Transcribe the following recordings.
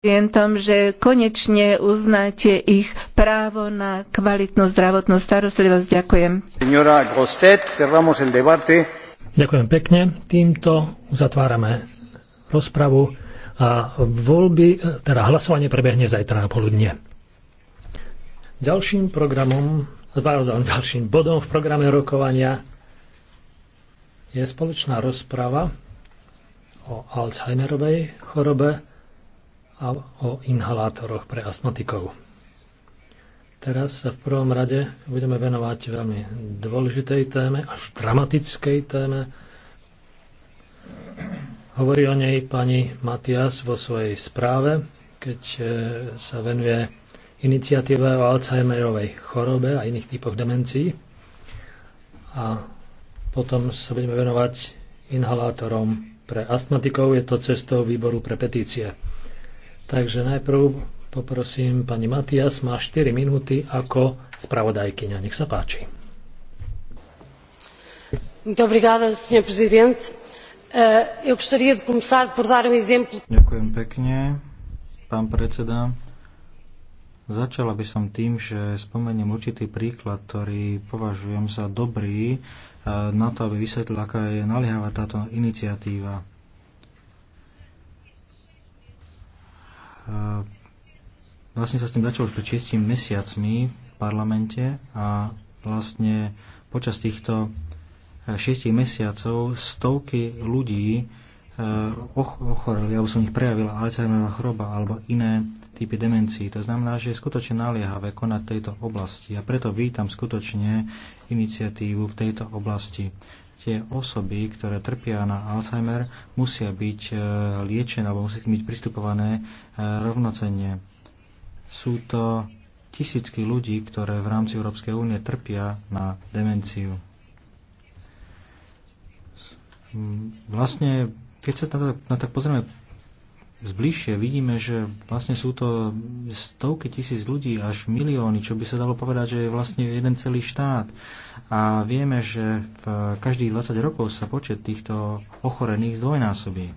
pacientom, že konečne uznáte ich právo na kvalitnú zdravotnú starostlivosť. Ďakujem. Ďakujem pekne. Týmto uzatvárame rozpravu a voľby, teda hlasovanie prebehne zajtra na poludne. Ďalším programom, pardon, ďalším bodom v programe rokovania je spoločná rozprava o Alzheimerovej chorobe a o inhalátoroch pre astmatikov. Teraz sa v prvom rade budeme venovať veľmi dôležitej téme, až dramatickej téme. Hovorí o nej pani Matias vo svojej správe, keď e, sa venuje iniciatíve o Alzheimerovej chorobe a iných typoch demencií. A potom sa budeme venovať inhalátorom pre astmatikov. Je to cestou výboru pre petície. Takže najprv poprosím pani Matias, má 4 minúty ako spravodajkyňa. Nech sa páči. Eh, um Ďakujem pekne, pán predseda. Začala by som tým, že spomeniem určitý príklad, ktorý považujem za dobrý eh, na to, aby vysvetlila, aká je naliehavá táto iniciatíva. Ehm, vlastne sa s tým začalo už pred čistým mesiacmi v parlamente a vlastne počas týchto eh, šiestich mesiacov stovky ľudí eh, ochoreli, alebo som ich prejavila Alzheimerová choroba alebo iné typy demencií. To znamená, že je skutočne naliehavé konať v tejto oblasti a preto vítam skutočne iniciatívu v tejto oblasti tie osoby, ktoré trpia na Alzheimer, musia byť e, liečené alebo musia byť pristupované e, rovnocenne. Sú to tisícky ľudí, ktoré v rámci Európskej únie trpia na demenciu. Vlastne, keď sa na to, na to pozrieme zbližšie vidíme, že vlastne sú to stovky tisíc ľudí, až milióny, čo by sa dalo povedať, že je vlastne jeden celý štát. A vieme, že v každých 20 rokov sa počet týchto ochorených zdvojnásobí.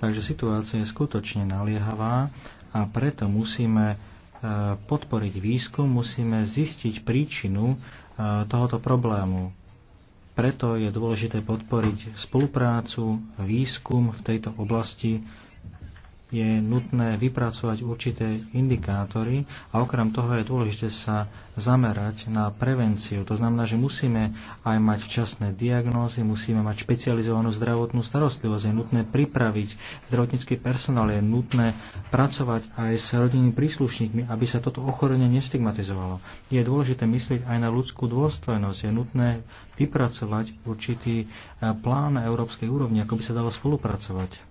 Takže situácia je skutočne naliehavá a preto musíme e, podporiť výskum, musíme zistiť príčinu e, tohoto problému. Preto je dôležité podporiť spoluprácu, výskum v tejto oblasti, je nutné vypracovať určité indikátory a okrem toho je dôležité sa zamerať na prevenciu. To znamená, že musíme aj mať včasné diagnózy, musíme mať špecializovanú zdravotnú starostlivosť, je nutné pripraviť zdravotnícky personál, je nutné pracovať aj s rodinnými príslušníkmi, aby sa toto ochorenie nestigmatizovalo. Je dôležité myslieť aj na ľudskú dôstojnosť, je nutné vypracovať určitý eh, plán na európskej úrovni, ako by sa dalo spolupracovať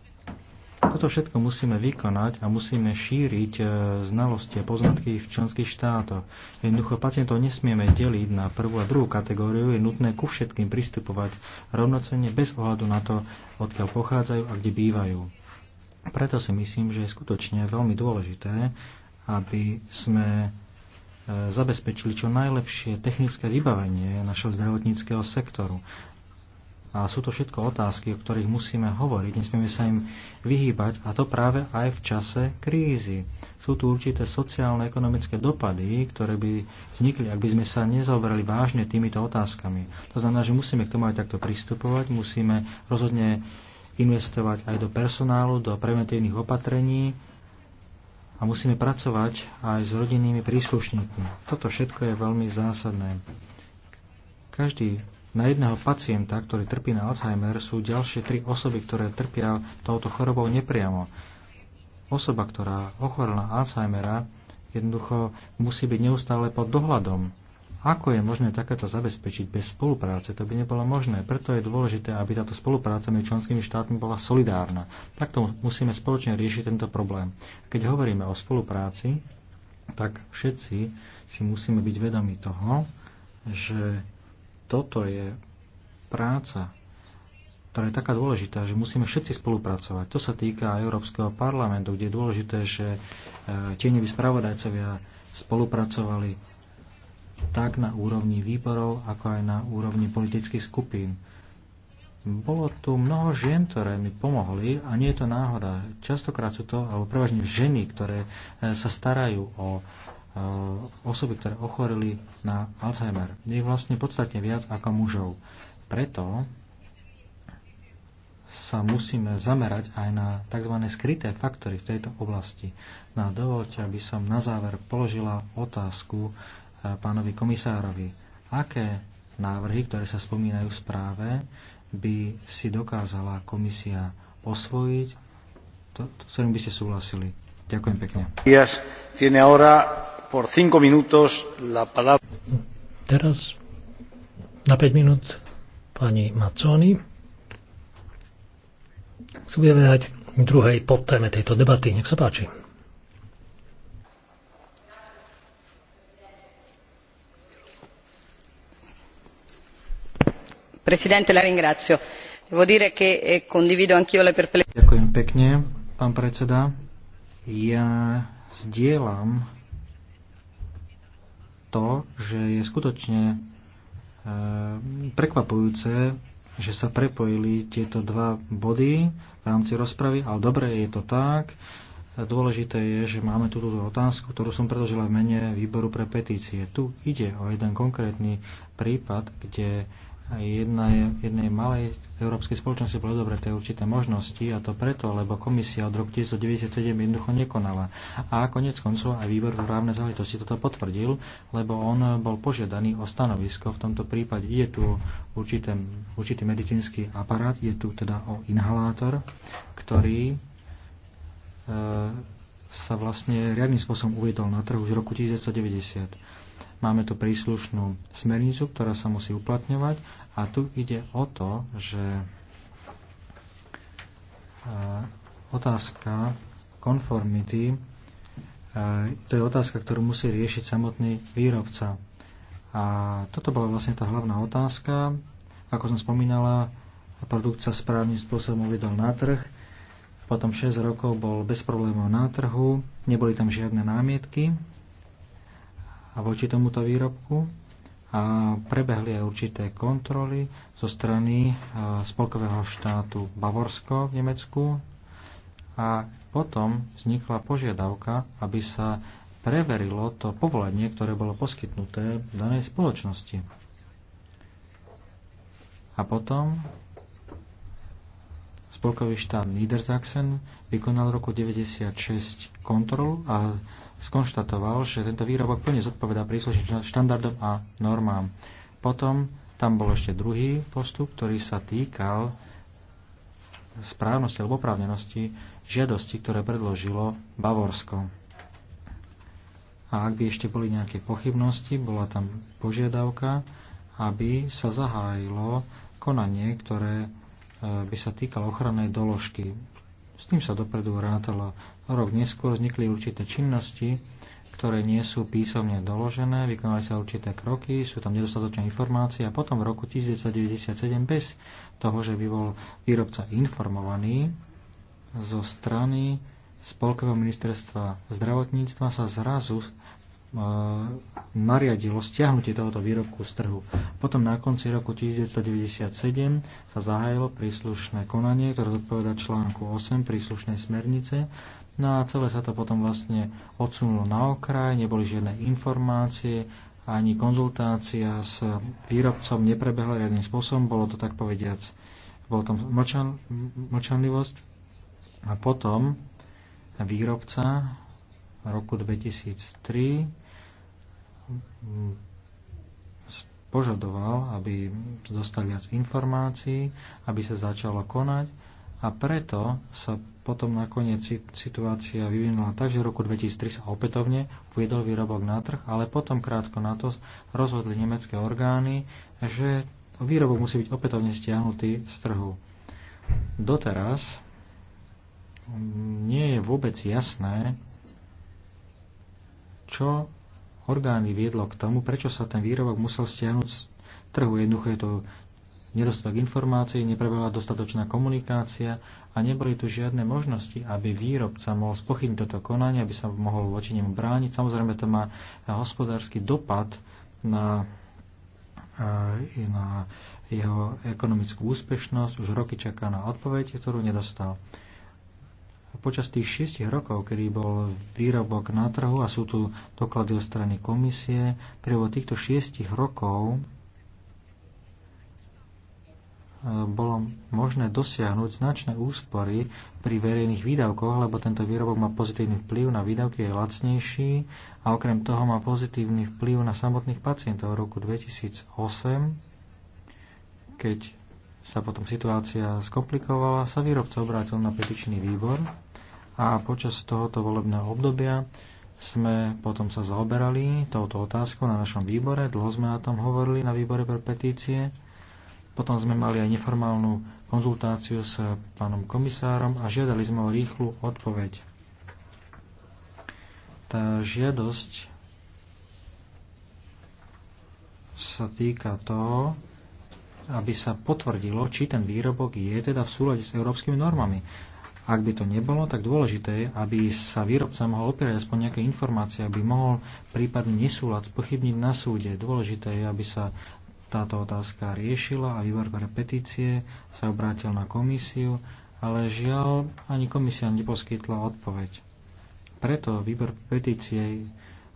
toto všetko musíme vykonať a musíme šíriť e, znalosti a poznatky v členských štátoch. Jednoducho pacientov nesmieme deliť na prvú a druhú kategóriu. Je nutné ku všetkým pristupovať rovnocenne bez ohľadu na to, odkiaľ pochádzajú a kde bývajú. Preto si myslím, že je skutočne veľmi dôležité, aby sme e, zabezpečili čo najlepšie technické vybavenie našeho zdravotníckého sektoru. A sú to všetko otázky, o ktorých musíme hovoriť, nesmieme sa im vyhýbať a to práve aj v čase krízy. Sú tu určité sociálno-ekonomické dopady, ktoré by vznikli, ak by sme sa nezaoberali vážne týmito otázkami. To znamená, že musíme k tomu aj takto pristupovať, musíme rozhodne investovať aj do personálu, do preventívnych opatrení a musíme pracovať aj s rodinnými príslušníkmi. Toto všetko je veľmi zásadné každý na jedného pacienta, ktorý trpí na Alzheimer, sú ďalšie tri osoby, ktoré trpia touto chorobou nepriamo. Osoba, ktorá ochorela Alzheimera, jednoducho musí byť neustále pod dohľadom. Ako je možné takéto zabezpečiť bez spolupráce? To by nebolo možné. Preto je dôležité, aby táto spolupráca medzi členskými štátmi bola solidárna. Takto musíme spoločne riešiť tento problém. Keď hovoríme o spolupráci, tak všetci si musíme byť vedomi toho, že toto je práca, ktorá je taká dôležitá, že musíme všetci spolupracovať. To sa týka Európskeho parlamentu, kde je dôležité, že e, tieňoví spravodajcovia spolupracovali tak na úrovni výborov, ako aj na úrovni politických skupín. Bolo tu mnoho žien, ktoré mi pomohli a nie je to náhoda. Častokrát sú to, alebo prevažne ženy, ktoré e, sa starajú o, Eh, osoby, ktoré ochoreli na Alzheimer. Je vlastne podstatne viac ako mužov. Preto sa musíme zamerať aj na tzv. skryté faktory v tejto oblasti. No dovolte, aby som na záver položila otázku eh, pánovi komisárovi. Aké návrhy, ktoré sa spomínajú v správe, by si dokázala komisia osvojiť, to, to, s ktorým by ste súhlasili? Ďakujem pekne. Yes, tiene ahora por cinco minutos la palabra. Teraz na 5 minút pani Maconi. Chcú vyvedať druhej podtéme tejto debaty. Nech sa páči. Presidente, la ringrazio. Devo dire che eh, condivido anch'io le perplessità. Ďakujem pekne, pán predseda. Ja zdieľam to, že je skutočne eh, prekvapujúce, že sa prepojili tieto dva body v rámci rozpravy, ale dobre je to tak. Dôležité je, že máme tu túto otázku, ktorú som predložila v mene výboru pre petície. Tu ide o jeden konkrétny prípad, kde jedna je, jednej malej európskej spoločnosti boli odobreté určité možnosti a to preto, lebo komisia od roku 1997 jednoducho nekonala. A konec koncov aj výbor v právnej záležitosti toto potvrdil, lebo on bol požiadaný o stanovisko. V tomto prípade je tu určité, určitý medicínsky aparát, je tu teda o inhalátor, ktorý e, sa vlastne riadnym spôsobom uviedol na trh už v roku 1990. Máme tu príslušnú smernicu, ktorá sa musí uplatňovať a tu ide o to, že e, otázka konformity, e, to je otázka, ktorú musí riešiť samotný výrobca. A toto bola vlastne tá hlavná otázka. Ako som spomínala, produkt sa správnym spôsobom uvedol na trh. Potom 6 rokov bol bez problémov na trhu, neboli tam žiadne námietky a voči tomuto výrobku a prebehli aj určité kontroly zo strany e, spolkového štátu Bavorsko v Nemecku a potom vznikla požiadavka, aby sa preverilo to povolenie, ktoré bolo poskytnuté v danej spoločnosti. A potom spolkový štát Niedersachsen vykonal v roku 1996 kontrolu a skonštatoval, že tento výrobok plne zodpovedá príslušným štandardom a normám. Potom tam bol ešte druhý postup, ktorý sa týkal správnosti alebo oprávnenosti žiadosti, ktoré predložilo Bavorsko. A ak by ešte boli nejaké pochybnosti, bola tam požiadavka, aby sa zahájilo konanie, ktoré e, by sa týkalo ochrannej doložky. S tým sa dopredu rátalo rok neskôr vznikli určité činnosti, ktoré nie sú písomne doložené, vykonali sa určité kroky, sú tam nedostatočné informácie a potom v roku 1997 bez toho, že by bol výrobca informovaný zo strany Spolkového ministerstva zdravotníctva sa zrazu e, nariadilo stiahnutie tohoto výrobku z trhu. Potom na konci roku 1997 sa zahájilo príslušné konanie, ktoré zodpoveda článku 8 príslušnej smernice No a celé sa to potom vlastne odsunulo na okraj, neboli žiadne informácie, ani konzultácia s výrobcom neprebehla riadnym spôsobom, bolo to tak povediac, bolo tam mlčan, mlčanlivosť a potom výrobca v roku 2003 mm, požadoval, aby dostali viac informácií, aby sa začalo konať a preto sa potom nakoniec situácia vyvinula tak, že v roku 2003 sa opätovne uviedol výrobok na trh, ale potom krátko na to rozhodli nemecké orgány, že výrobok musí byť opätovne stiahnutý z trhu. Doteraz nie je vôbec jasné, čo orgány viedlo k tomu, prečo sa ten výrobok musel stiahnuť z trhu. Jednoducho je to nedostatok informácií, neprebehla dostatočná komunikácia a neboli tu žiadne možnosti, aby výrobca mohol spochybniť toto konanie, aby sa mohol voči nemu brániť. Samozrejme, to má hospodársky dopad na, na jeho ekonomickú úspešnosť. Už roky čaká na odpoveď, ktorú nedostal. Počas tých šiestich rokov, kedy bol výrobok na trhu a sú tu doklady od strany komisie, prievo týchto šiestich rokov bolo možné dosiahnuť značné úspory pri verejných výdavkoch, lebo tento výrobok má pozitívny vplyv na výdavky, je lacnejší a okrem toho má pozitívny vplyv na samotných pacientov. V roku 2008, keď sa potom situácia skomplikovala, sa výrobca obrátil na petičný výbor a počas tohoto volebného obdobia sme potom sa zaoberali touto otázkou na našom výbore, dlho sme na tom hovorili na výbore pre petície potom sme mali aj neformálnu konzultáciu s pánom komisárom a žiadali sme o rýchlu odpoveď. Tá žiadosť sa týka toho, aby sa potvrdilo, či ten výrobok je teda v súlade s európskymi normami. Ak by to nebolo, tak dôležité je, aby sa výrobca mohol opierať aspoň nejaké informácie, aby mohol prípadný nesúlad spochybniť na súde. Dôležité je, aby sa táto otázka riešila a výbor pre petície sa obrátil na komisiu, ale žiaľ ani komisia neposkytla odpoveď. Preto výbor petície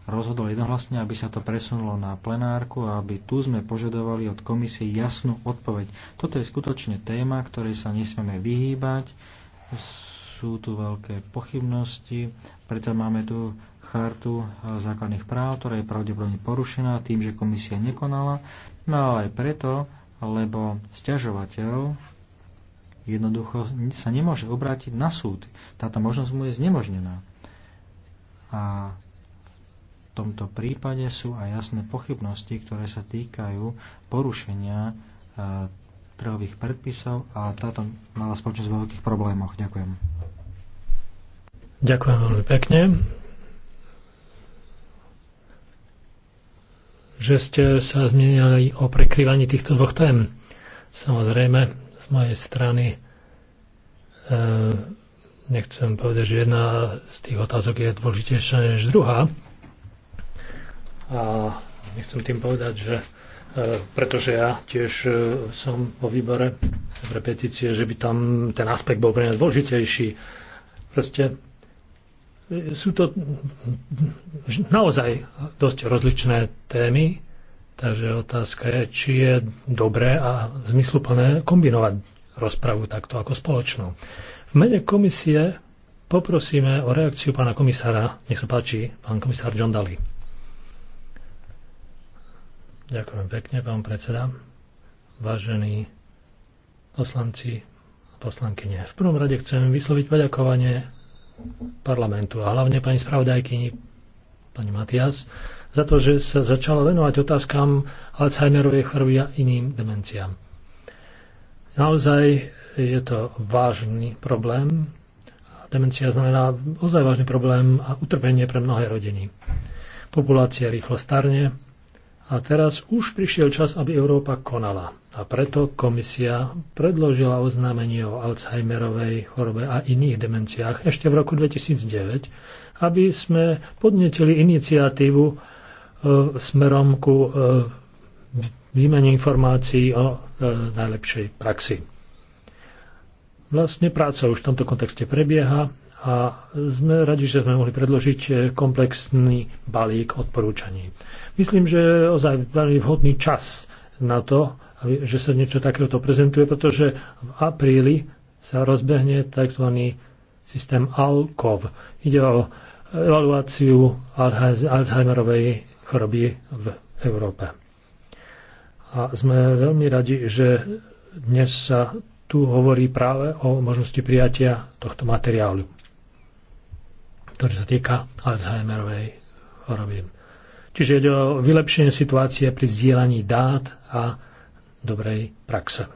rozhodol jednohlasne, aby sa to presunulo na plenárku a aby tu sme požadovali od komisie jasnú odpoveď. Toto je skutočne téma, ktorej sa nesmieme vyhýbať sú tu veľké pochybnosti, preto máme tu chartu eh, základných práv, ktorá je pravdepodobne porušená tým, že komisia nekonala, no ale aj preto, lebo stiažovateľ jednoducho sa nemôže obrátiť na súd. Táto možnosť mu je znemožnená. A v tomto prípade sú aj jasné pochybnosti, ktoré sa týkajú porušenia eh, trhových predpisov a táto mala spoločnosť vo veľkých problémoch. Ďakujem. Ďakujem veľmi pekne, že ste sa zmienili o prekryvaní týchto dvoch tém. Samozrejme, z mojej strany e, nechcem povedať, že jedna z tých otázok je dôležitejšia než druhá. A nechcem tým povedať, že e, pretože ja tiež e, som vo výbore pre že by tam ten aspekt bol pre mňa dôležitejší. Proste sú to naozaj dosť rozličné témy, takže otázka je, či je dobré a zmysluplné kombinovať rozpravu takto ako spoločnú. V mene komisie poprosíme o reakciu pána komisára. Nech sa páči, pán komisár John Daly. Ďakujem pekne, pán predseda. Vážení poslanci, poslankyne. V prvom rade chcem vysloviť poďakovanie parlamentu a hlavne pani spravodajkyni, pani Matias, za to, že sa začala venovať otázkam Alzheimerovej choroby a iným demenciám. Naozaj je to vážny problém. Demencia znamená ozaj vážny problém a utrpenie pre mnohé rodiny. Populácia rýchlo starne, a teraz už prišiel čas, aby Európa konala. A preto komisia predložila oznámenie o Alzheimerovej chorobe a iných demenciách ešte v roku 2009, aby sme podnetili iniciatívu e, smerom ku e, výmene informácií o e, najlepšej praxi. Vlastne práca už v tomto kontexte prebieha a sme radi, že sme mohli predložiť e, komplexný balík odporúčaní. Myslím, že je ozaj veľmi vhodný čas na to, že sa niečo takéto prezentuje, pretože v apríli sa rozbehne tzv. systém ALKOV. Ide o evaluáciu Alzheimerovej choroby v Európe. A sme veľmi radi, že dnes sa tu hovorí práve o možnosti prijatia tohto materiálu ktorý sa týka Alzheimerovej choroby. Čiže ide o vylepšenie situácie pri zdieľaní dát a dobrej praxe.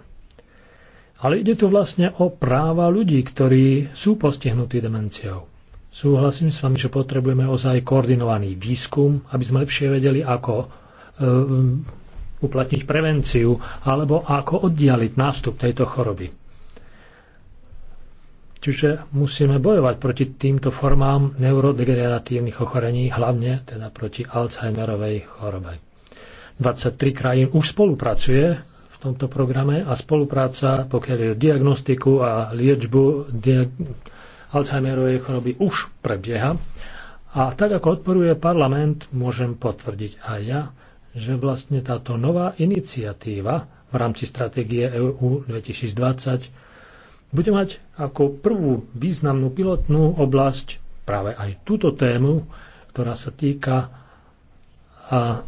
Ale ide tu vlastne o práva ľudí, ktorí sú postihnutí demenciou. Súhlasím s vami, že potrebujeme ozaj koordinovaný výskum, aby sme lepšie vedeli, ako eh, uplatniť prevenciu alebo ako oddialiť nástup tejto choroby. Čiže musíme bojovať proti týmto formám neurodegeneratívnych ochorení, hlavne teda proti Alzheimerovej chorobe. 23 krajín už spolupracuje v tomto programe a spolupráca, pokiaľ je diagnostiku a liečbu diag- Alzheimerovej choroby, už prebieha. A tak ako odporuje parlament, môžem potvrdiť aj ja, že vlastne táto nová iniciatíva v rámci stratégie EU 2020 bude mať ako prvú významnú pilotnú oblasť práve aj túto tému, ktorá sa týka a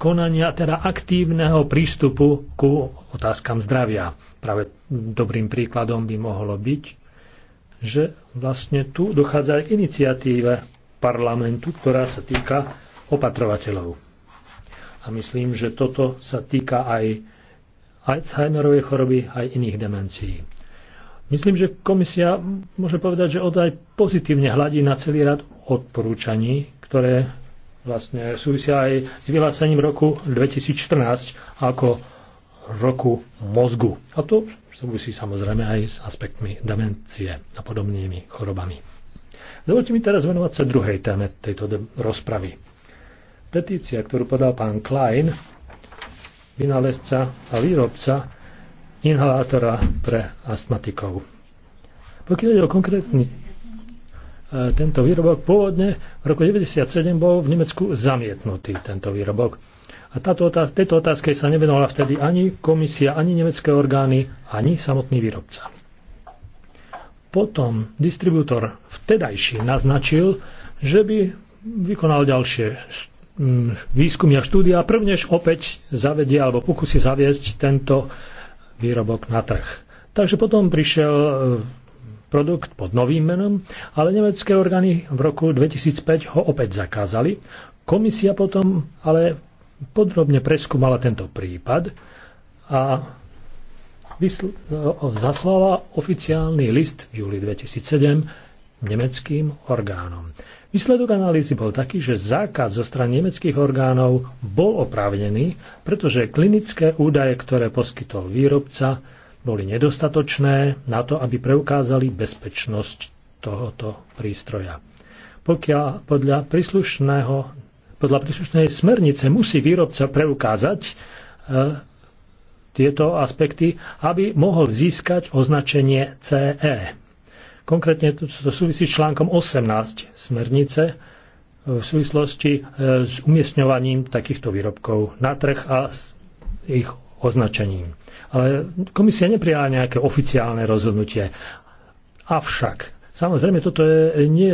konania, teda aktívneho prístupu ku otázkam zdravia. Práve dobrým príkladom by mohlo byť, že vlastne tu dochádza aj k iniciatíve parlamentu, ktorá sa týka opatrovateľov. A myslím, že toto sa týka aj Alzheimerovej choroby, aj iných demencií. Myslím, že komisia môže povedať, že odaj pozitívne hľadí na celý rad odporúčaní, ktoré vlastne súvisia aj s vyhlásením roku 2014 ako roku mozgu. A to súvisí samozrejme aj s aspektmi demencie a podobnými chorobami. Dovolte mi teraz venovať sa druhej téme tejto rozpravy. Petícia, ktorú podal pán Klein, vynálezca a výrobca inhalátora pre astmatikov. Pokiaľ je o konkrétny e, tento výrobok, pôvodne v roku 1997 bol v Nemecku zamietnutý tento výrobok. A táto otáz- tejto otázke sa nevenovala vtedy ani komisia, ani nemecké orgány, ani samotný výrobca. Potom distribútor vtedajší naznačil, že by vykonal ďalšie výskumy a štúdia, prvnež opäť zavedie alebo pokusí zaviesť tento výrobok na trh. Takže potom prišiel e, produkt pod novým menom, ale nemecké orgány v roku 2005 ho opäť zakázali. Komisia potom ale podrobne preskúmala tento prípad a e, zaslala oficiálny list v júli 2007 nemeckým orgánom. Výsledok analýzy bol taký, že zákaz zo strany nemeckých orgánov bol oprávnený, pretože klinické údaje, ktoré poskytol výrobca, boli nedostatočné na to, aby preukázali bezpečnosť tohoto prístroja. Pokiaľ podľa, príslušného, podľa príslušnej smernice musí výrobca preukázať e, tieto aspekty, aby mohol získať označenie CE. Konkrétne to, to súvisí s článkom 18 smernice v súvislosti e, s umiestňovaním takýchto výrobkov na trh a s ich označením. Ale komisia neprijala nejaké oficiálne rozhodnutie. Avšak, samozrejme, toto je nie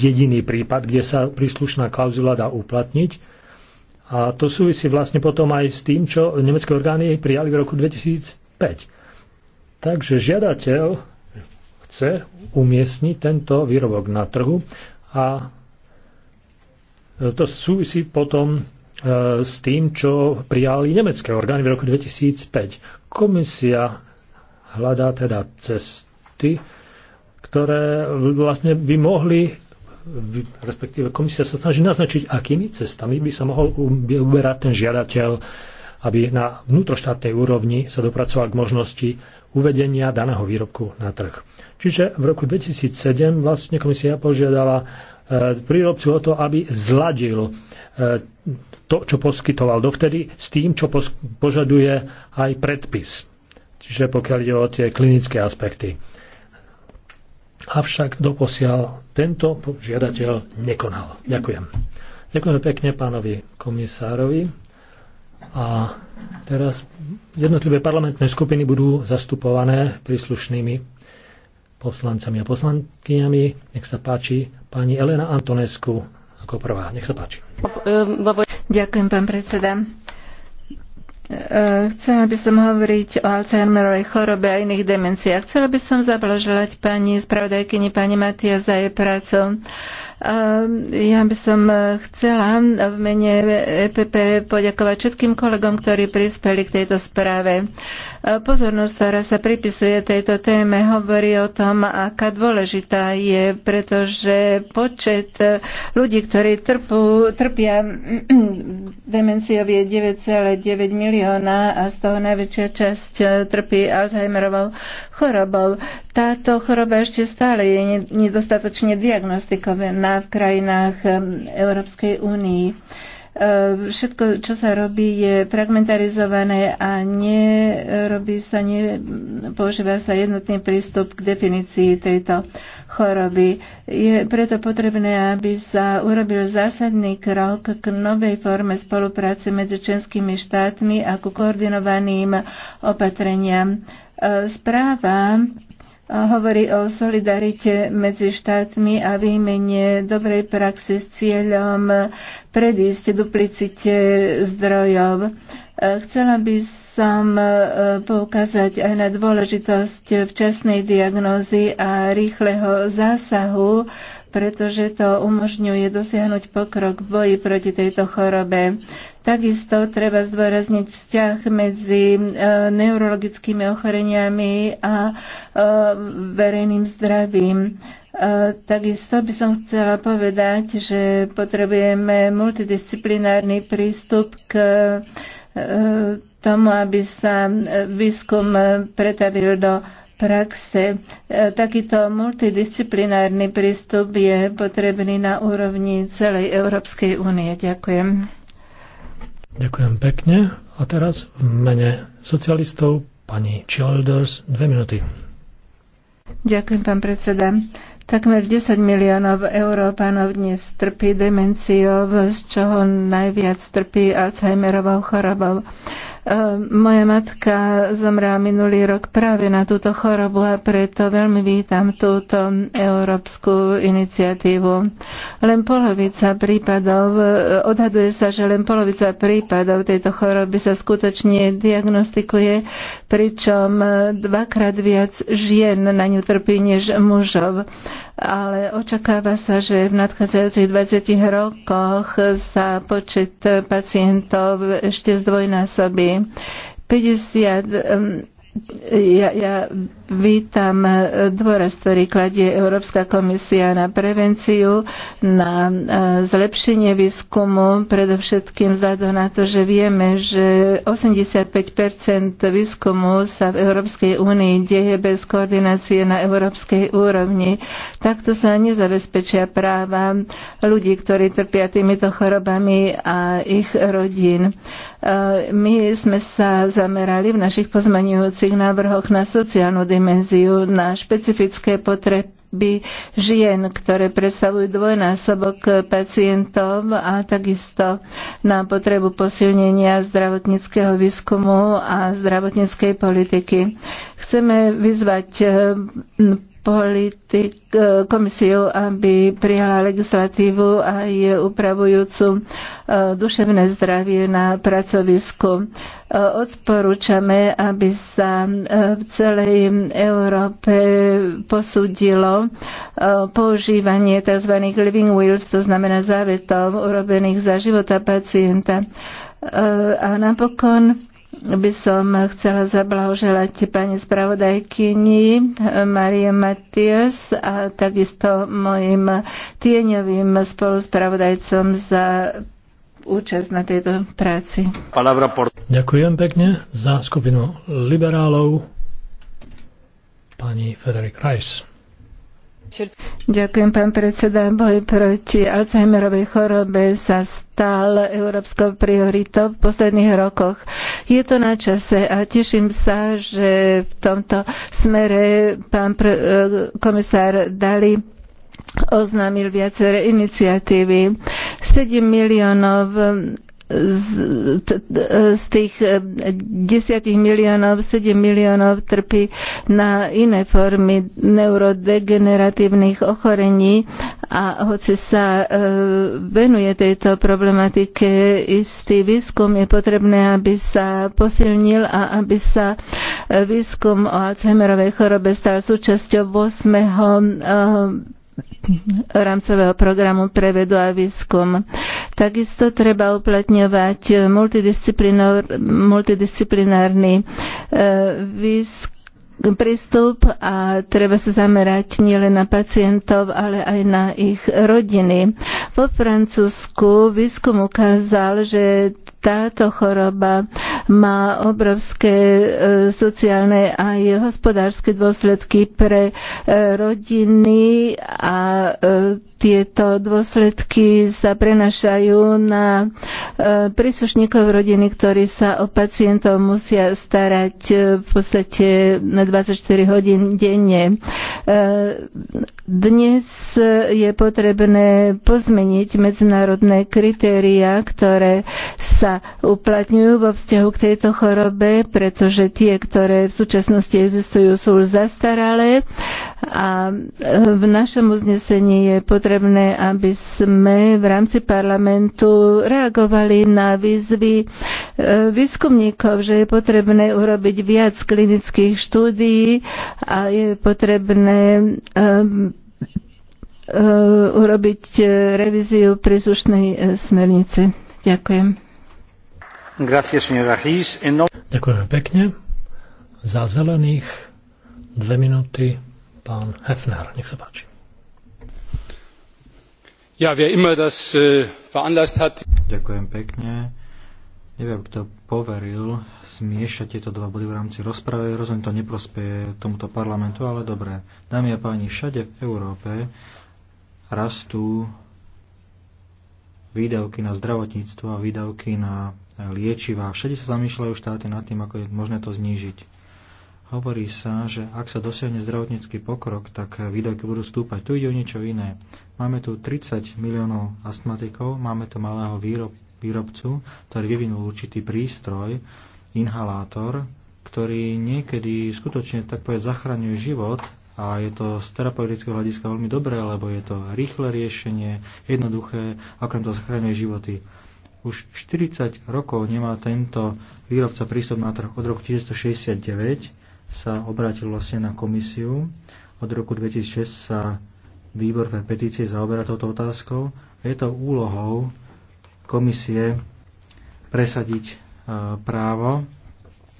jediný prípad, kde sa príslušná klauzula dá uplatniť. A to súvisí vlastne potom aj s tým, čo nemecké orgány prijali v roku 2005. Takže žiadateľ chce umiestniť tento výrobok na trhu a e, to súvisí potom e, s tým, čo prijali nemecké orgány v roku 2005. Komisia hľadá teda cesty, ktoré vlastne by mohli, respektíve komisia sa snaží naznačiť, akými cestami by sa mohol uberať ten žiadateľ, aby na vnútroštátnej úrovni sa dopracoval k možnosti uvedenia daného výrobku na trh. Čiže v roku 2007 vlastne komisia požiadala e, prírobcu o to, aby zladil e, to, čo poskytoval dovtedy, s tým, čo požaduje aj predpis. Čiže pokiaľ ide o tie klinické aspekty. Avšak doposiaľ tento žiadateľ nekonal. Ďakujem. Ďakujem pekne pánovi komisárovi. A teraz jednotlivé parlamentné skupiny budú zastupované príslušnými poslancami a poslankyňami. Nech sa páči pani Elena Antonescu ako prvá. Nech sa páči. Ďakujem, pán predseda. E, Chcela by som hovoriť o Alzheimerovej chorobe a iných demenciách. Chcela by som zablaželať pani spravodajkyni, pani Matia za jej prácu. Ehm, ja by som eh, chcela v mene EPP poďakovať všetkým kolegom, ktorí prispeli k tejto správe. Eh, pozornosť, ktorá sa pripisuje tejto téme, hovorí o tom, aká dôležitá je, pretože počet eh, ľudí, ktorí trpú, trpia mm, mm, demenciou je 9,9 milióna a z toho najväčšia časť trpí Alzheimerovou chorobou. Táto choroba ešte stále je nedostatočne diagnostikovaná v krajinách ehm, Európskej únii. Ehm, všetko, čo sa robí, je fragmentarizované a nerobí sa, nepoužíva sa jednotný prístup k definícii tejto choroby. Je preto potrebné, aby sa urobil zásadný krok k novej forme spolupráce medzi členskými štátmi a ku koordinovaným opatreniam. Ehm, správa hovorí o solidarite medzi štátmi a výmene dobrej praxe s cieľom predísť duplicite zdrojov. Chcela by som e, poukázať aj na dôležitosť včasnej diagnózy a rýchleho zásahu pretože to umožňuje dosiahnuť pokrok v boji proti tejto chorobe. Takisto treba zdôrazniť vzťah medzi e, neurologickými ochoreniami a e, verejným zdravím. E, takisto by som chcela povedať, že potrebujeme multidisciplinárny prístup k tomu, aby sa výskum pretavil do praxe. E, takýto multidisciplinárny prístup je potrebný na úrovni celej Európskej únie. Ďakujem. Ďakujem pekne. A teraz v mene socialistov pani Childers dve minúty. Ďakujem, pán predseda. Takmer 10 miliónov Európanov dnes trpí demenciou, z čoho najviac trpí Alzheimerovou chorobou. Ehm, moja matka zomrela minulý rok práve na túto chorobu a preto veľmi vítam túto európsku iniciatívu. Len polovica prípadov, e, odhaduje sa, že len polovica prípadov tejto choroby sa skutočne diagnostikuje, pričom e, dvakrát viac žien na ňu trpí než mužov ale očakáva sa, že v nadchádzajúcich 20 rokoch sa počet pacientov ešte zdvojnásobí ľudí. 50, ja, ja Vítam e, dôraz, ktorý kladie Európska komisia na prevenciu, na e, zlepšenie výskumu, predovšetkým vzhľadom na to, že vieme, že 85 výskumu sa v Európskej únii deje bez koordinácie na európskej úrovni. Takto sa nezabezpečia práva ľudí, ktorí trpia týmito chorobami a ich rodín. E, my sme sa zamerali v našich pozmenujúcich návrhoch na sociálnu dimenziu dimenziu na špecifické potreby by žien, ktoré predstavujú dvojnásobok pacientov a takisto na potrebu posilnenia zdravotníckého výskumu a zdravotníckej politiky. Chceme vyzvať politik, e, komisiu, aby prijala legislatívu aj upravujúcu e, duševné zdravie na pracovisku. E, odporúčame, aby sa v celej Európe posúdilo používanie tzv. living wheels, to znamená závetov urobených za života pacienta. A napokon by som chcela zablahoželať pani spravodajkyni eh, Marie Matias a takisto mojim tieňovým spoluspravodajcom za účasť na tejto práci. Ďakujem pekne za skupinu liberálov pani Frederik Rice. Ďakujem, pán predseda. Boj proti Alzheimerovej chorobe sa stal európskou prioritou v posledných rokoch. Je to na čase a teším sa, že v tomto smere pán eh, komisár Dali oznámil viaceré iniciatívy. 7 miliónov z, tých 10 e, miliónov 7 miliónov trpí na iné formy neurodegeneratívnych ochorení a hoci sa e, venuje tejto problematike istý výskum, je potrebné, aby sa posilnil a aby sa e, výskum o Alzheimerovej chorobe stal súčasťou 8 rámcového programu pre vedu a výskum. Takisto treba uplatňovať multidisciplinárny e, výskum prístup a treba sa zamerať nielen na pacientov, ale aj na ich rodiny. Vo Francúzsku výskum ukázal, že táto choroba má obrovské e, sociálne aj hospodárske dôsledky pre e, rodiny a e, tieto dôsledky sa prenašajú na e, príslušníkov rodiny, ktorí sa o pacientov musia starať e, v podstate na 24 hodín denne. E, dnes je potrebné pozmeniť medzinárodné kritéria, ktoré sa uplatňujú vo vzťahu k tejto chorobe, pretože tie, ktoré v súčasnosti existujú, sú už zastaralé a v našom uznesení je potrebné potrebné, aby sme v rámci parlamentu reagovali na výzvy e, výskumníkov, že je potrebné urobiť viac klinických štúdií a je potrebné e, e, urobiť revíziu príslušnej smernice. Ďakujem. Ďakujem pekne. Za zelených dve minúty pán Hefner. Nech sa páči wer immer das äh, veranlasst hat. Ďakujem pekne. Neviem, kto poveril zmiešať tieto dva body v rámci rozpravy. Rozumiem, to neprospeje tomuto parlamentu, ale dobre. Dámy a páni, všade v Európe rastú výdavky na zdravotníctvo a výdavky na e, liečivá. Všade sa zamýšľajú štáty nad tým, ako je možné to znížiť. Hovorí sa, že ak sa dosiahne zdravotnícky pokrok, tak výdavky budú stúpať. Tu ide o niečo iné. Máme tu 30 miliónov astmatikov, máme tu malého výrob, výrobcu, ktorý vyvinul určitý prístroj, inhalátor, ktorý niekedy skutočne tak povedať zachraňuje život a je to z terapeutického hľadiska veľmi dobré, lebo je to rýchle riešenie, jednoduché, okrem toho zachraňuje životy. Už 40 rokov nemá tento výrobca prístup na trh od roku 1969 sa obrátil vlastne na komisiu. Od roku 2006 sa výbor pre petície zaoberá touto otázkou. Je to úlohou komisie presadiť e, právo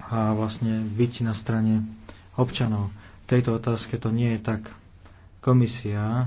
a vlastne byť na strane občanov. V tejto otázke to nie je tak. Komisia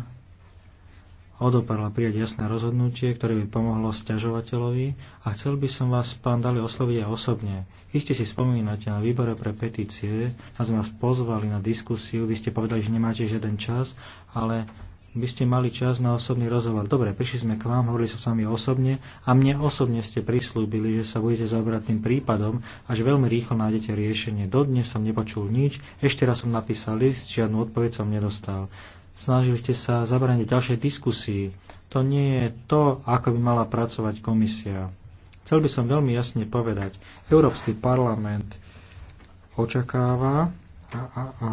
odoparla prijať jasné rozhodnutie, ktoré by pomohlo sťažovateľovi a chcel by som vás, pán Dali, osloviť aj osobne. Iste si spomínate na výbore pre petície, nás vás pozvali na diskusiu, vy ste povedali, že nemáte žiaden čas, ale by ste mali čas na osobný rozhovor. Dobre, prišli sme k vám, hovorili som s vami osobne a mne osobne ste prislúbili, že sa budete zaoberať tým prípadom a že veľmi rýchlo nájdete riešenie. Dodnes som nepočul nič, ešte raz som napísal list, žiadnu odpoveď som nedostal. Snažili ste sa zabrániť ďalšej diskusii. To nie je to, ako by mala pracovať komisia. Chcel by som veľmi jasne povedať, Európsky parlament očakáva a, a, a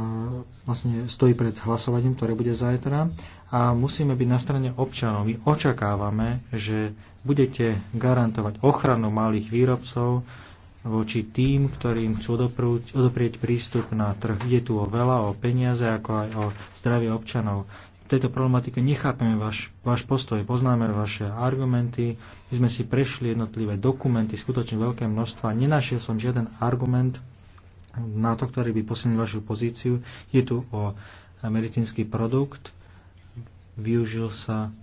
vlastne stojí pred hlasovaním, ktoré bude zajtra a musíme byť na strane občanov. My očakávame, že budete garantovať ochranu malých výrobcov, voči tým, ktorým chcú odoprúť, odoprieť prístup na trh. Je tu o veľa, o peniaze, ako aj o zdravie občanov. V tejto problematike nechápeme váš, váš postoj, poznáme vaše argumenty, my sme si prešli jednotlivé dokumenty, skutočne veľké množstva. Nenašiel som žiaden argument na to, ktorý by posilnil vašu pozíciu. Je tu o medicínsky produkt, využil sa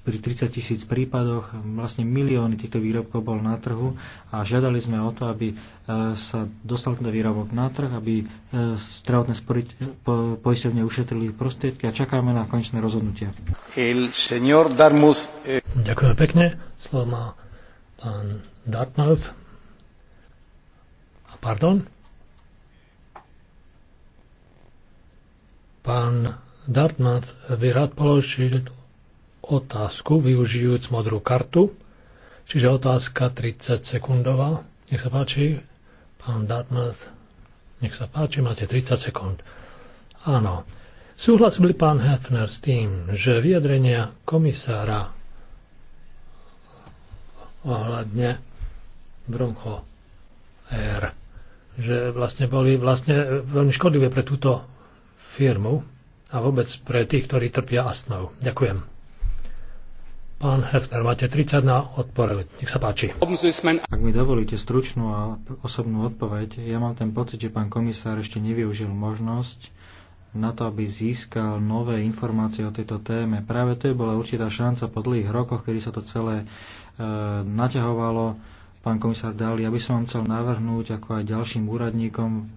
pri 30 tisíc prípadoch vlastne milióny týchto výrobkov bol na trhu a žiadali sme o to, aby e, sa dostal tento výrobok na trh, aby e, zdravotné poisťovne ušetrili prostriedky a čakáme na konečné rozhodnutia. Eh. Ďakujem pekne. Slovo má pán Dartmouth. A pardon? Pán Dartmouth by rád položil otázku, využijúc modrú kartu. Čiže otázka 30 sekundová. Nech sa páči, pán Dartmouth. Nech sa páči, máte 30 sekúnd. Áno. Súhlasil pán Hefner s tým, že vyjadrenia komisára ohľadne Broncho Air, že vlastne boli vlastne veľmi škodlivé pre túto firmu a vôbec pre tých, ktorí trpia astmou. Ďakujem. Pán Hefner, máte 30 na odpoveď. Nech sa páči. Ak mi dovolíte stručnú a osobnú odpoveď, ja mám ten pocit, že pán komisár ešte nevyužil možnosť na to, aby získal nové informácie o tejto téme. Práve to je bola určitá šanca po dlhých rokoch, kedy sa to celé e, naťahovalo. Pán komisár Dali, aby som vám chcel navrhnúť, ako aj ďalším úradníkom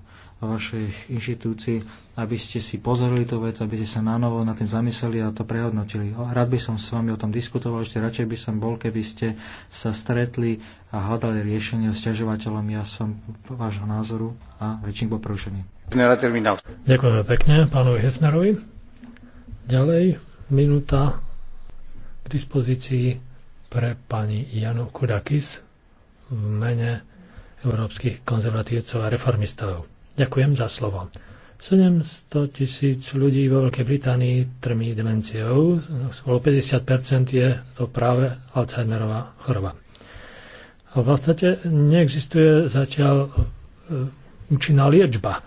vo vašej inštitúcii, aby ste si pozorili tú vec, aby ste sa na novo nad tým zamysleli a to prehodnotili. Rád by som s vami o tom diskutoval, ešte radšej by som bol, keby ste sa stretli a hľadali riešenie s ťažovateľom. Ja som vášho názoru a rečník bol prerušený. Ďakujeme pekne pánovi Hefnerovi. Ďalej minúta k dispozícii pre pani Janu Kudakis v mene európskych konzervatívcov a reformistov. Ďakujem za slovo. 700 tisíc ľudí vo Veľkej Británii trmí demenciou, okolo 50 je to práve Alzheimerová choroba. A v podstate neexistuje zatiaľ e, účinná liečba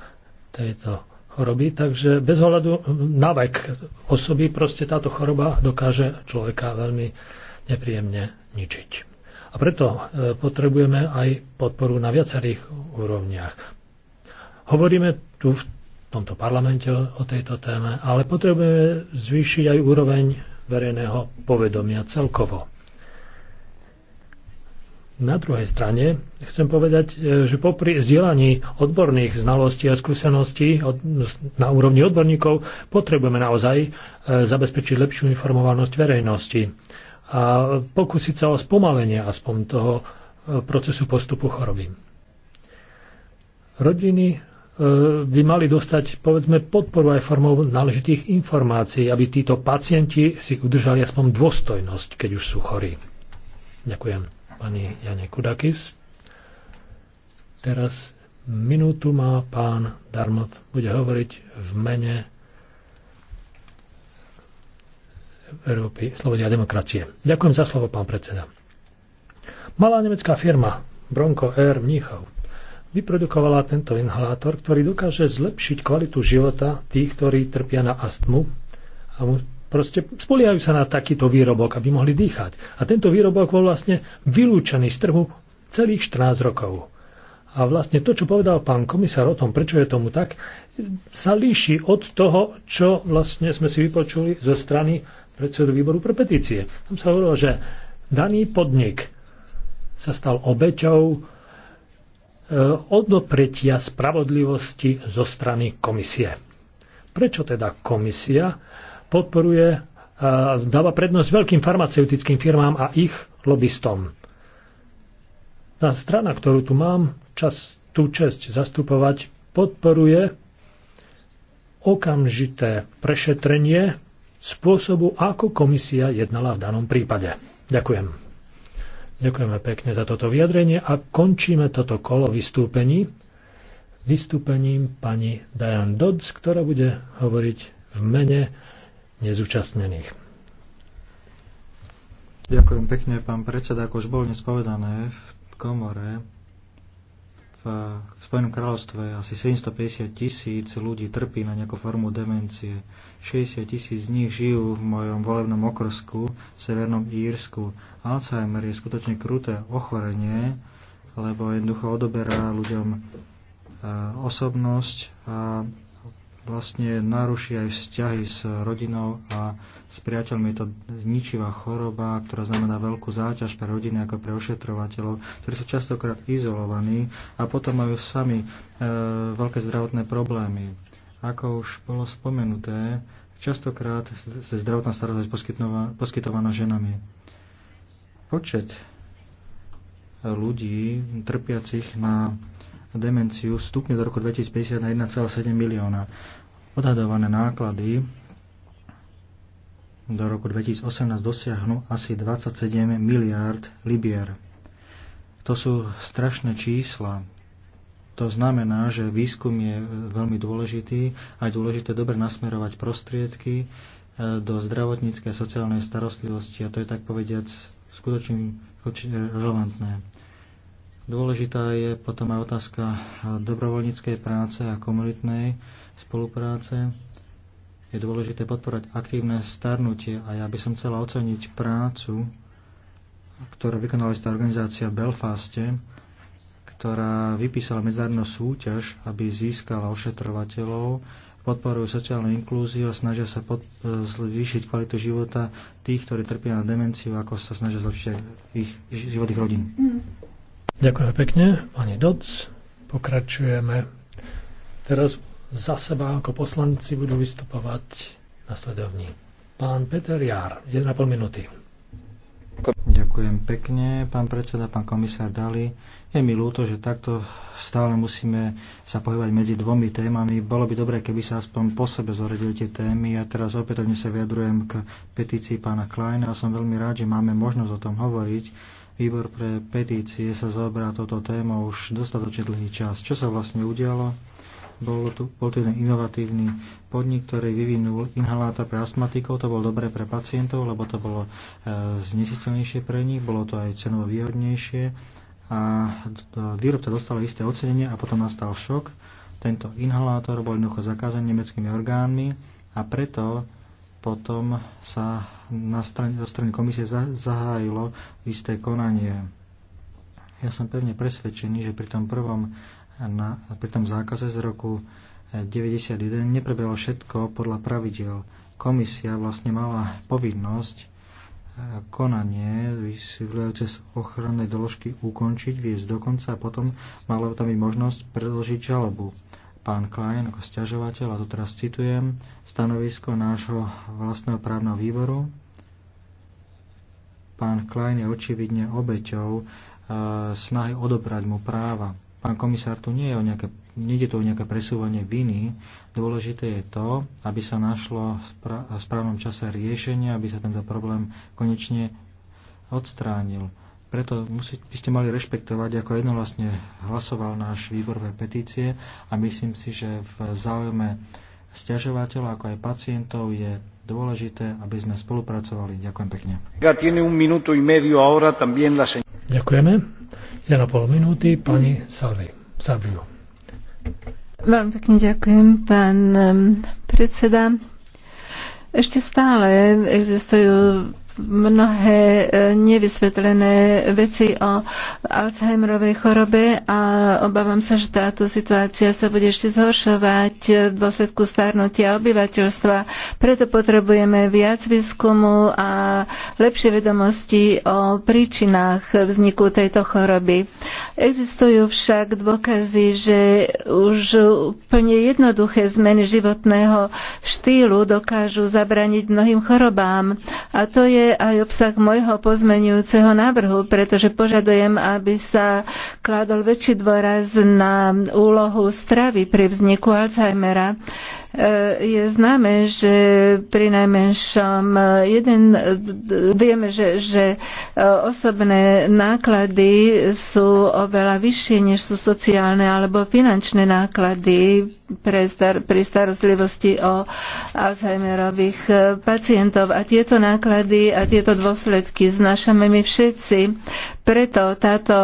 tejto choroby, takže bez ohľadu na vek osoby proste táto choroba dokáže človeka veľmi nepríjemne ničiť. A preto e, potrebujeme aj podporu na viacerých úrovniach. Hovoríme tu v tomto parlamente o tejto téme, ale potrebujeme zvýšiť aj úroveň verejného povedomia celkovo. Na druhej strane chcem povedať, e, že popri zdieľaní odborných znalostí a skúseností na úrovni odborníkov potrebujeme naozaj e, zabezpečiť lepšiu informovanosť verejnosti a pokúsiť sa o spomalenie aspoň toho e, procesu postupu choroby. Rodiny E, by mali dostať, povedzme, podporu aj formou náležitých informácií, aby títo pacienti si udržali aspoň dôstojnosť, keď už sú chorí. Ďakujem, pani Jane Kudakis. Teraz minútu má pán Darmot. Bude hovoriť v mene Európy, Slobody a demokracie. Ďakujem za slovo, pán predseda. Malá nemecká firma Bronco Air Mnichov vyprodukovala tento inhalátor, ktorý dokáže zlepšiť kvalitu života tých, ktorí trpia na astmu a proste spoliehajú sa na takýto výrobok, aby mohli dýchať. A tento výrobok bol vlastne vylúčený z trhu celých 14 rokov. A vlastne to, čo povedal pán komisár o tom, prečo je tomu tak, sa líši od toho, čo vlastne sme si vypočuli zo strany predsedu výboru pre petície. Tam sa hovorilo, že daný podnik sa stal obeťou Eh, odopretia spravodlivosti zo strany komisie. Prečo teda komisia podporuje, eh, dáva prednosť veľkým farmaceutickým firmám a ich lobbystom? Tá strana, ktorú tu mám čas, tú čest zastupovať, podporuje okamžité prešetrenie spôsobu, ako komisia jednala v danom prípade. Ďakujem. Ďakujeme pekne za toto vyjadrenie a končíme toto kolo vystúpení vystúpením pani Diane Dodds, ktorá bude hovoriť v mene nezúčastnených. Ďakujem pekne, pán predseda. Ako už bolo dnes povedané, v komore v Spojenom kráľovstve asi 750 tisíc ľudí trpí na nejakú formu demencie. 60 tisíc z nich žijú v mojom volebnom okrsku v Severnom Írsku. Alzheimer je skutočne kruté ochorenie, lebo jednoducho odoberá ľuďom e, osobnosť a vlastne naruší aj vzťahy s rodinou a s priateľmi. Je to ničivá choroba, ktorá znamená veľkú záťaž pre rodiny ako pre ošetrovateľov, ktorí sú častokrát izolovaní a potom majú sami e, veľké zdravotné problémy. Ako už bolo spomenuté, častokrát se zdravotná starostlivosť poskytovaná ženami. Počet ľudí trpiacich na demenciu stupne do roku 2050 na 1,7 milióna. Odhadované náklady do roku 2018 dosiahnu asi 27 miliárd libier. To sú strašné čísla. To znamená, že výskum je e, veľmi dôležitý a je dôležité dobre nasmerovať prostriedky e, do zdravotníckej a sociálnej starostlivosti a to je tak povediac skutočne relevantné. Dôležitá je potom aj otázka e, dobrovoľníckej práce a komunitnej spolupráce. Je dôležité podporať aktívne starnutie a ja by som chcela oceniť prácu, ktorú vykonala istá organizácia v Belfaste, ktorá vypísala medzárnú súťaž, aby získala ošetrovateľov, podporujú sociálnu inklúziu a snažia sa pod, e, zvýšiť kvalitu života tých, ktorí trpia na demenciu, ako sa snažia zlepšiť ich život ich rodín. Ďakujem pekne, pani Doc. Pokračujeme. Teraz za seba ako poslanci budú vystupovať nasledovní. Pán Peter Jár, 1,5 minúty. Ďakujem pekne, pán predseda, pán komisár Dali. Je mi ľúto, že takto stále musíme sa pohybať medzi dvomi témami. Bolo by dobré, keby sa aspoň po sebe zoradili tie témy. Ja teraz opätovne sa vyjadrujem k petícii pána Kleina a som veľmi rád, že máme možnosť o tom hovoriť. Výbor pre petície sa zaoberá toto téma už dostatočne dlhý čas. Čo sa vlastne udialo? Bol tu, bol tu jeden inovatívny podnik, ktorý vyvinul inhalátor pre astmatikov. To bolo dobré pre pacientov, lebo to bolo e, znesiteľnejšie pre nich, bolo to aj cenovo výhodnejšie a výrobca dostal isté ocenenie a potom nastal šok. Tento inhalátor bol jednoducho zakázaný nemeckými orgánmi a preto potom sa na strane, zo strany komisie zahájilo isté konanie. Ja som pevne presvedčený, že pri tom prvom na, pri tom zákaze z roku 91 eh, neprebehlo všetko podľa pravidel. Komisia vlastne mala povinnosť konanie vysielajúce z ochrannej doložky ukončiť, viesť dokonca a potom malo tam byť možnosť predložiť žalobu. Pán Klein ako stiažovateľ, a tu teraz citujem, stanovisko nášho vlastného právneho výboru. Pán Klein je očividne obeťou e, snahy odobrať mu práva. Pán komisár, tu nie je o nejaké nejde to o nejaké presúvanie viny. Dôležité je to, aby sa našlo v správnom čase riešenie, aby sa tento problém konečne odstránil. Preto musí, by ste mali rešpektovať, ako jednohlasne hlasoval náš výbor pre petície a myslím si, že v záujme stiažovateľa, ako aj pacientov je dôležité, aby sme spolupracovali. Ďakujem pekne. Ďakujeme. Ja na pol minúty pani Salvi. Salvio. Veľmi pekne ďakujem, pán predseda. Ešte stále existujú mnohé e, nevysvetlené veci o Alzheimerovej chorobe a obávam sa, že táto situácia sa bude ešte zhoršovať v dôsledku starnutia obyvateľstva. Preto potrebujeme viac výskumu a lepšie vedomosti o príčinách vzniku tejto choroby. Existujú však dôkazy, že už úplne jednoduché zmeny životného štýlu dokážu zabraniť mnohým chorobám a to je aj obsah môjho pozmenujúceho návrhu, pretože požadujem, aby sa kladol väčší dôraz na úlohu stravy pri vzniku Alzheimera. E, je známe, že pri najmenšom e, jeden, e, vieme, že, že osobné náklady sú oveľa vyššie, než sú sociálne alebo finančné náklady pre star- pri starostlivosti o Alzheimerových pacientov. A tieto náklady a tieto dôsledky znašame my všetci. Preto táto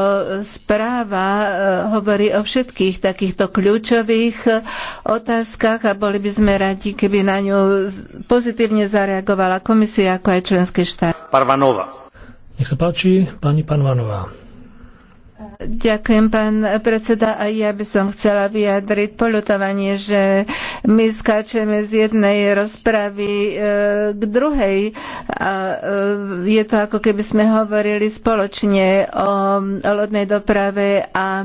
správa eh, hovorí o všetkých takýchto kľúčových eh, otázkach a boli by sme radi, keby na ňu pozitívne zareagovala komisia ako aj členské štáty. Parvanova. Nech sa páči, pani Panvanová. Eh, Ďakujem, pán predseda. A ja by som chcela vyjadriť poľutovanie, že my skáčeme z jednej rozpravy e, k druhej. A e, je to ako keby sme hovorili spoločne o lodnej doprave a e,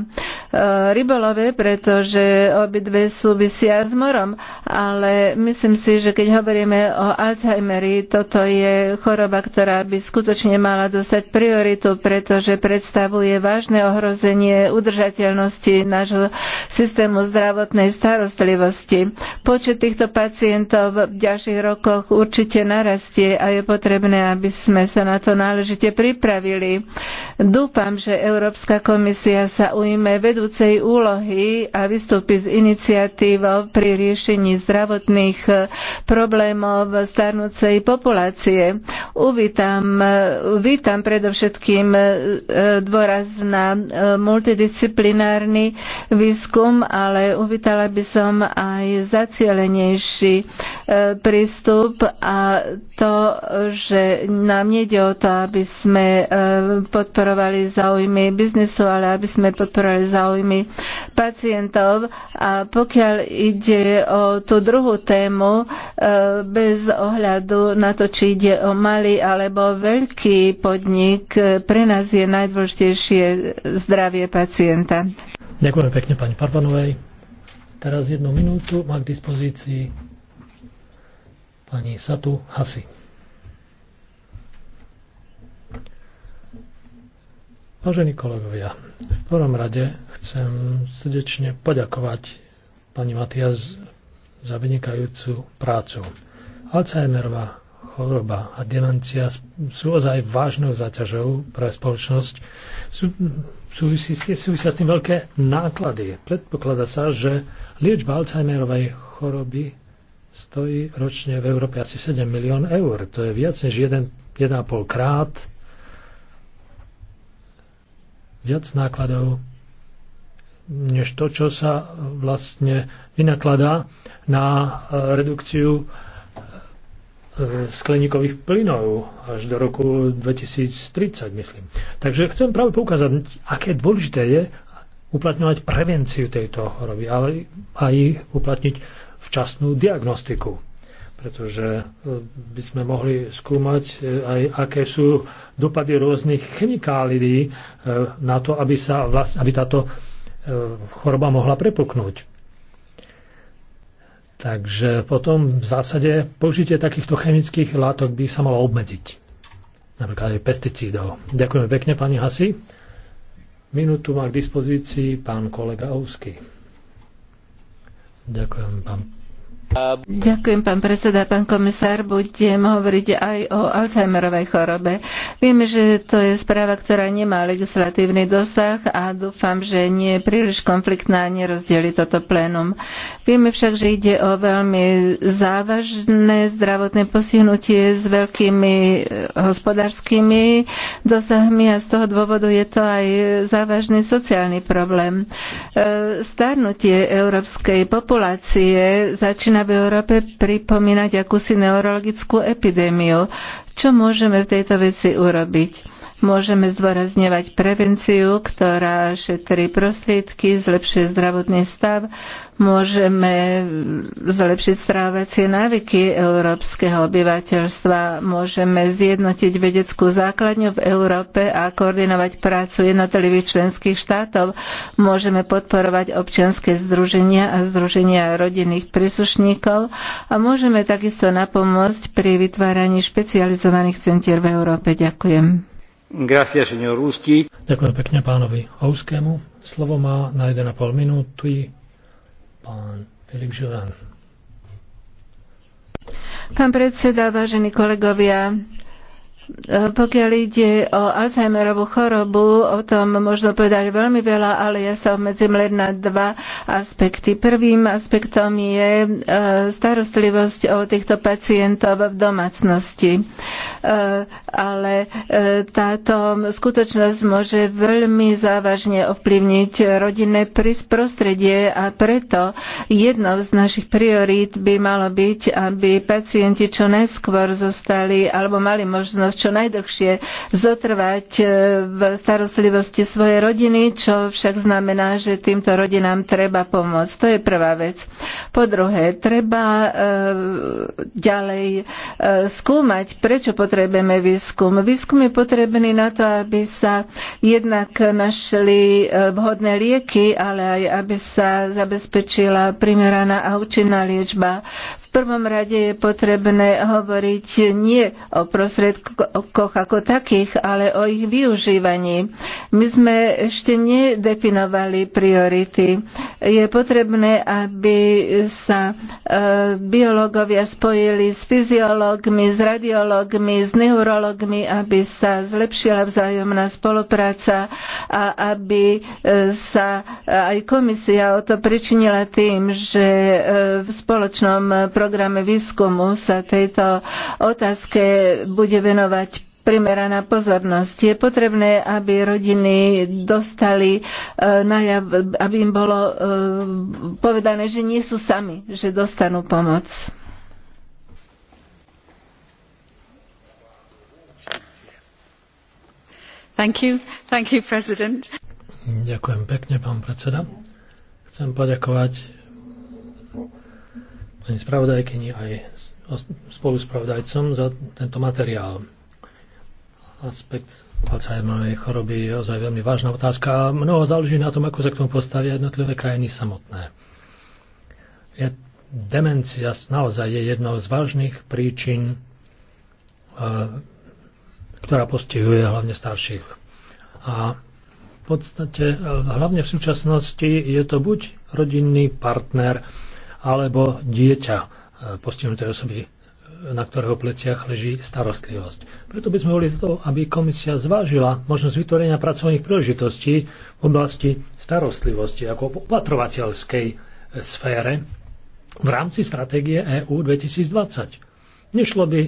rybolove, pretože obidve súvisia s morom. Ale myslím si, že keď hovoríme o Alzheimeri, toto je choroba, ktorá by skutočne mala dostať prioritu, pretože predstavuje vážne ohrozenie ohrozenie udržateľnosti nášho systému zdravotnej starostlivosti. Počet týchto pacientov v ďalších rokoch určite narastie a je potrebné, aby sme sa na to náležite pripravili. Dúfam, že Európska komisia sa ujme vedúcej úlohy a vystúpi s iniciatívou pri riešení zdravotných eh, problémov starnúcej populácie. Uvítam, eh, vítam predovšetkým eh, dôraz na E, multidisciplinárny výskum, ale uvítala by som aj zacielenejší e, prístup a to, že nám nejde o to, aby sme e, podporovali záujmy biznisu, ale aby sme podporovali záujmy pacientov. A pokiaľ ide o tú druhú tému, bez ohľadu na to, či ide o malý alebo veľký podnik, pre nás je najdôležitejšie zdravie pacienta. Ďakujem pekne pani Parvanovej. Teraz jednu minútu má k dispozícii pani Satu Hasi. Vážení kolegovia, v prvom rade chcem srdečne poďakovať pani Matias za vynikajúcu prácu. Alzheimerová choroba a demencia sú ozaj vážnou zaťažou pre spoločnosť. Sú, súvisí, súvisia s tým veľké náklady. Predpokladá sa, že liečba Alzheimerovej choroby stojí ročne v Európe asi 7 milión eur. To je viac než 1,5 krát viac nákladov než to, čo sa vlastne vynakladá na eh, redukciu E, skleníkových plynov až do roku 2030, myslím. Takže chcem práve poukázať, aké dôležité je uplatňovať prevenciu tejto choroby, ale aj uplatniť včasnú diagnostiku. Pretože e, by sme mohli skúmať e, aj, aké sú dopady rôznych chemikálií na to, aby, sa vlast, aby táto choroba mohla prepuknúť. Takže potom v zásade použitie takýchto chemických látok by sa malo obmedziť. Napríklad aj pesticídov. Ďakujeme pekne, pani Hasi. Minútu má k dispozícii pán kolega Ousky. Ďakujem, pán Ďakujem, pán predseda, pán komisár. Budem hovoriť aj o Alzheimerovej chorobe. Vieme, že to je správa, ktorá nemá legislatívny dosah a dúfam, že nie je príliš konfliktná a nerozdeli toto plénum. Vieme však, že ide o veľmi závažné zdravotné posihnutie s veľkými eh, hospodárskymi dosahmi a z toho dôvodu je to aj závažný sociálny problém. Eh, starnutie európskej populácie začína začína v Európe pripomínať akúsi neurologickú epidémiu. Čo môžeme v tejto veci urobiť? Môžeme zdôrazňovať prevenciu, ktorá šetrí prostriedky, zlepšuje zdravotný stav, môžeme zlepšiť strávacie návyky európskeho obyvateľstva, môžeme zjednotiť vedeckú základňu v Európe a koordinovať prácu jednotlivých členských štátov, môžeme podporovať občianske združenia a združenia rodinných príslušníkov a môžeme takisto napomôcť pri vytváraní špecializovaných centier v Európe. Ďakujem. Ďakujem pekne pánovi Houskému. Slovo má na 1,5 minúty pán Filip Žován. Pán predseda, vážení kolegovia, pokiaľ ide o Alzheimerovú chorobu, o tom možno povedať veľmi veľa, ale ja sa obmedzím len na dva aspekty. Prvým aspektom je e, starostlivosť o týchto pacientov v domácnosti. E, ale e, táto skutočnosť môže veľmi závažne ovplyvniť rodinné prostredie a preto jednou z našich priorít by malo byť, aby pacienti čo najskôr zostali alebo mali možnosť čo najdlhšie zotrvať e, v starostlivosti svojej rodiny, čo však znamená, že týmto rodinám treba pomôcť. To je prvá vec. Po druhé, treba e, ďalej e, skúmať, prečo potrebujeme výskum. Výskum je potrebný na to, aby sa jednak našli vhodné lieky, ale aj aby sa zabezpečila primeraná a účinná liečba prvom rade je potrebné hovoriť nie o prostriedkoch ako takých, ale o ich využívaní. My sme ešte nedefinovali priority. Je potrebné, aby sa e, biológovia spojili s fyziológmi, s radiológmi, s neurologmi, aby sa zlepšila vzájomná spolupráca a aby e, sa e, aj komisia o to pričinila tým, že v spoločnom programe výskumu sa tejto otázke bude venovať primeraná pozornosť. Je potrebné, aby rodiny dostali e, najav, aby im bolo e, povedané, že nie sú sami, že dostanú pomoc. Thank you. Thank you, Ďakujem pekne, pán predseda. Chcem poďakovať pani spravodajkyni aj spoluspravodajcom za tento materiál. Aspekt Alzheimerovej choroby je ozaj veľmi vážna otázka a mnoho záleží na tom, ako sa k tomu postavia jednotlivé krajiny samotné. Je, demencia naozaj je jednou z vážnych príčin, e, ktorá postihuje hlavne starších. A v podstate, e, hlavne v súčasnosti, je to buď rodinný partner, alebo dieťa e, postihnuté osoby, e, na ktorého pleciach leží starostlivosť. Preto by sme boli to, aby komisia zvážila možnosť vytvorenia pracovných príležitostí v oblasti starostlivosti ako v opatrovateľskej e, sfére v rámci stratégie EU 2020. Nešlo by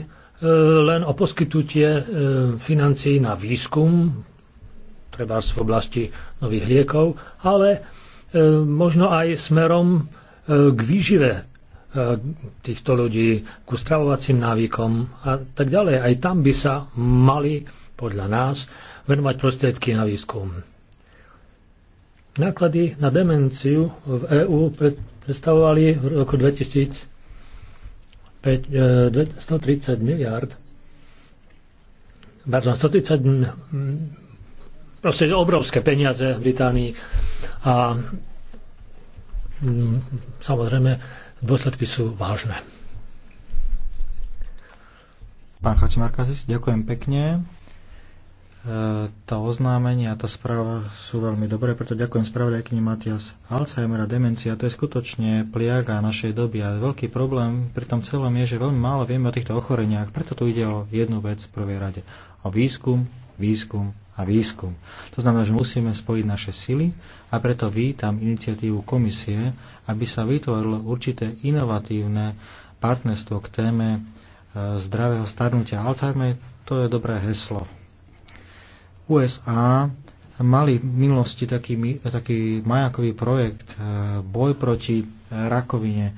len o poskytutie financií na výskum, treba v oblasti nových liekov, ale možno aj smerom k výžive e, týchto ľudí, k stravovacím návykom a tak ďalej. Aj tam by sa mali, podľa nás, venovať prostriedky na výskum. Náklady na demenciu v EÚ predstavovali v roku 2000 130 miliard pardon, 130 proste obrovské peniaze v Británii a Mm, samozrejme dôsledky sú vážne. Pán Kacimarkazis, ďakujem pekne. E, to oznámenie a tá správa sú veľmi dobré, preto ďakujem spravodajkyni Matias Alzheimera, demencia, to je skutočne pliaga našej doby a veľký problém pri tom celom je, že veľmi málo vieme o týchto ochoreniach, preto tu ide o jednu vec v prvej rade. O výskum, výskum, a výskum. To znamená, že musíme spojiť naše sily a preto vítam iniciatívu komisie, aby sa vytvorilo určité inovatívne partnerstvo k téme e, zdravého starnutia Alzheimer. To je dobré heslo. USA mali v minulosti taký, taký majakový projekt e, boj proti rakovine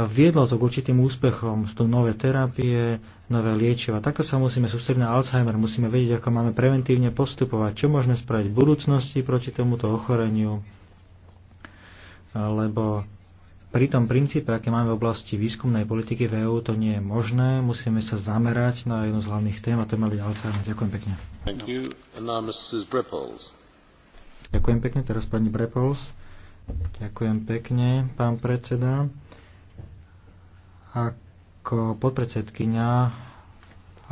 viedlo to k určitým úspechom. Sú nové terapie, nové liečiva. Takto sa musíme sústrediť na Alzheimer. Musíme vedieť, ako máme preventívne postupovať, čo môžeme spraviť v budúcnosti proti tomuto ochoreniu. Lebo pri tom princípe, aké máme v oblasti výskumnej politiky v EÚ, to nie je možné. Musíme sa zamerať na jednu z hlavných tém a to je mali Alzheimer. Ďakujem pekne. Ďakujem pekne, teraz pani Brepols. Ďakujem pekne, pán predseda. Ako podpredsedkynia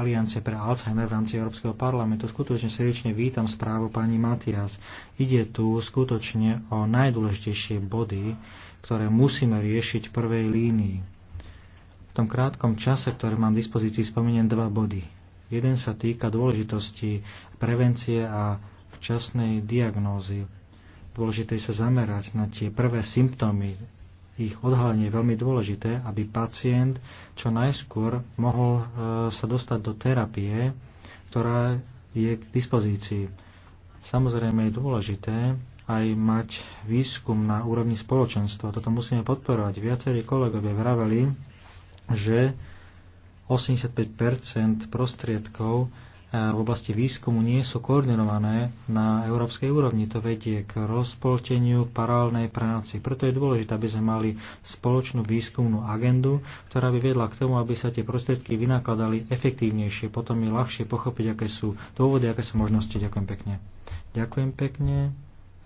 Aliancie pre Alzheimer v rámci Európskeho parlamentu skutočne srdečne vítam správu pani Matias. Ide tu skutočne o najdôležitejšie body, ktoré musíme riešiť v prvej línii. V tom krátkom čase, ktorý mám v dispozícii, spomeniem dva body. Jeden sa týka dôležitosti prevencie a včasnej diagnózy. Dôležité sa zamerať na tie prvé symptómy ich odhalenie je veľmi dôležité, aby pacient čo najskôr mohol e, sa dostať do terapie, ktorá je k dispozícii. Samozrejme je dôležité aj mať výskum na úrovni spoločenstva. Toto musíme podporovať. Viacerí kolegovia vraveli, že 85 prostriedkov v oblasti výskumu nie sú koordinované na európskej úrovni. To vedie k rozpolteniu, paralelnej práci. Preto je dôležité, aby sme mali spoločnú výskumnú agendu, ktorá by vedla k tomu, aby sa tie prostriedky vynakladali efektívnejšie. Potom je ľahšie pochopiť, aké sú dôvody, aké sú možnosti. Ďakujem pekne. Ďakujem pekne.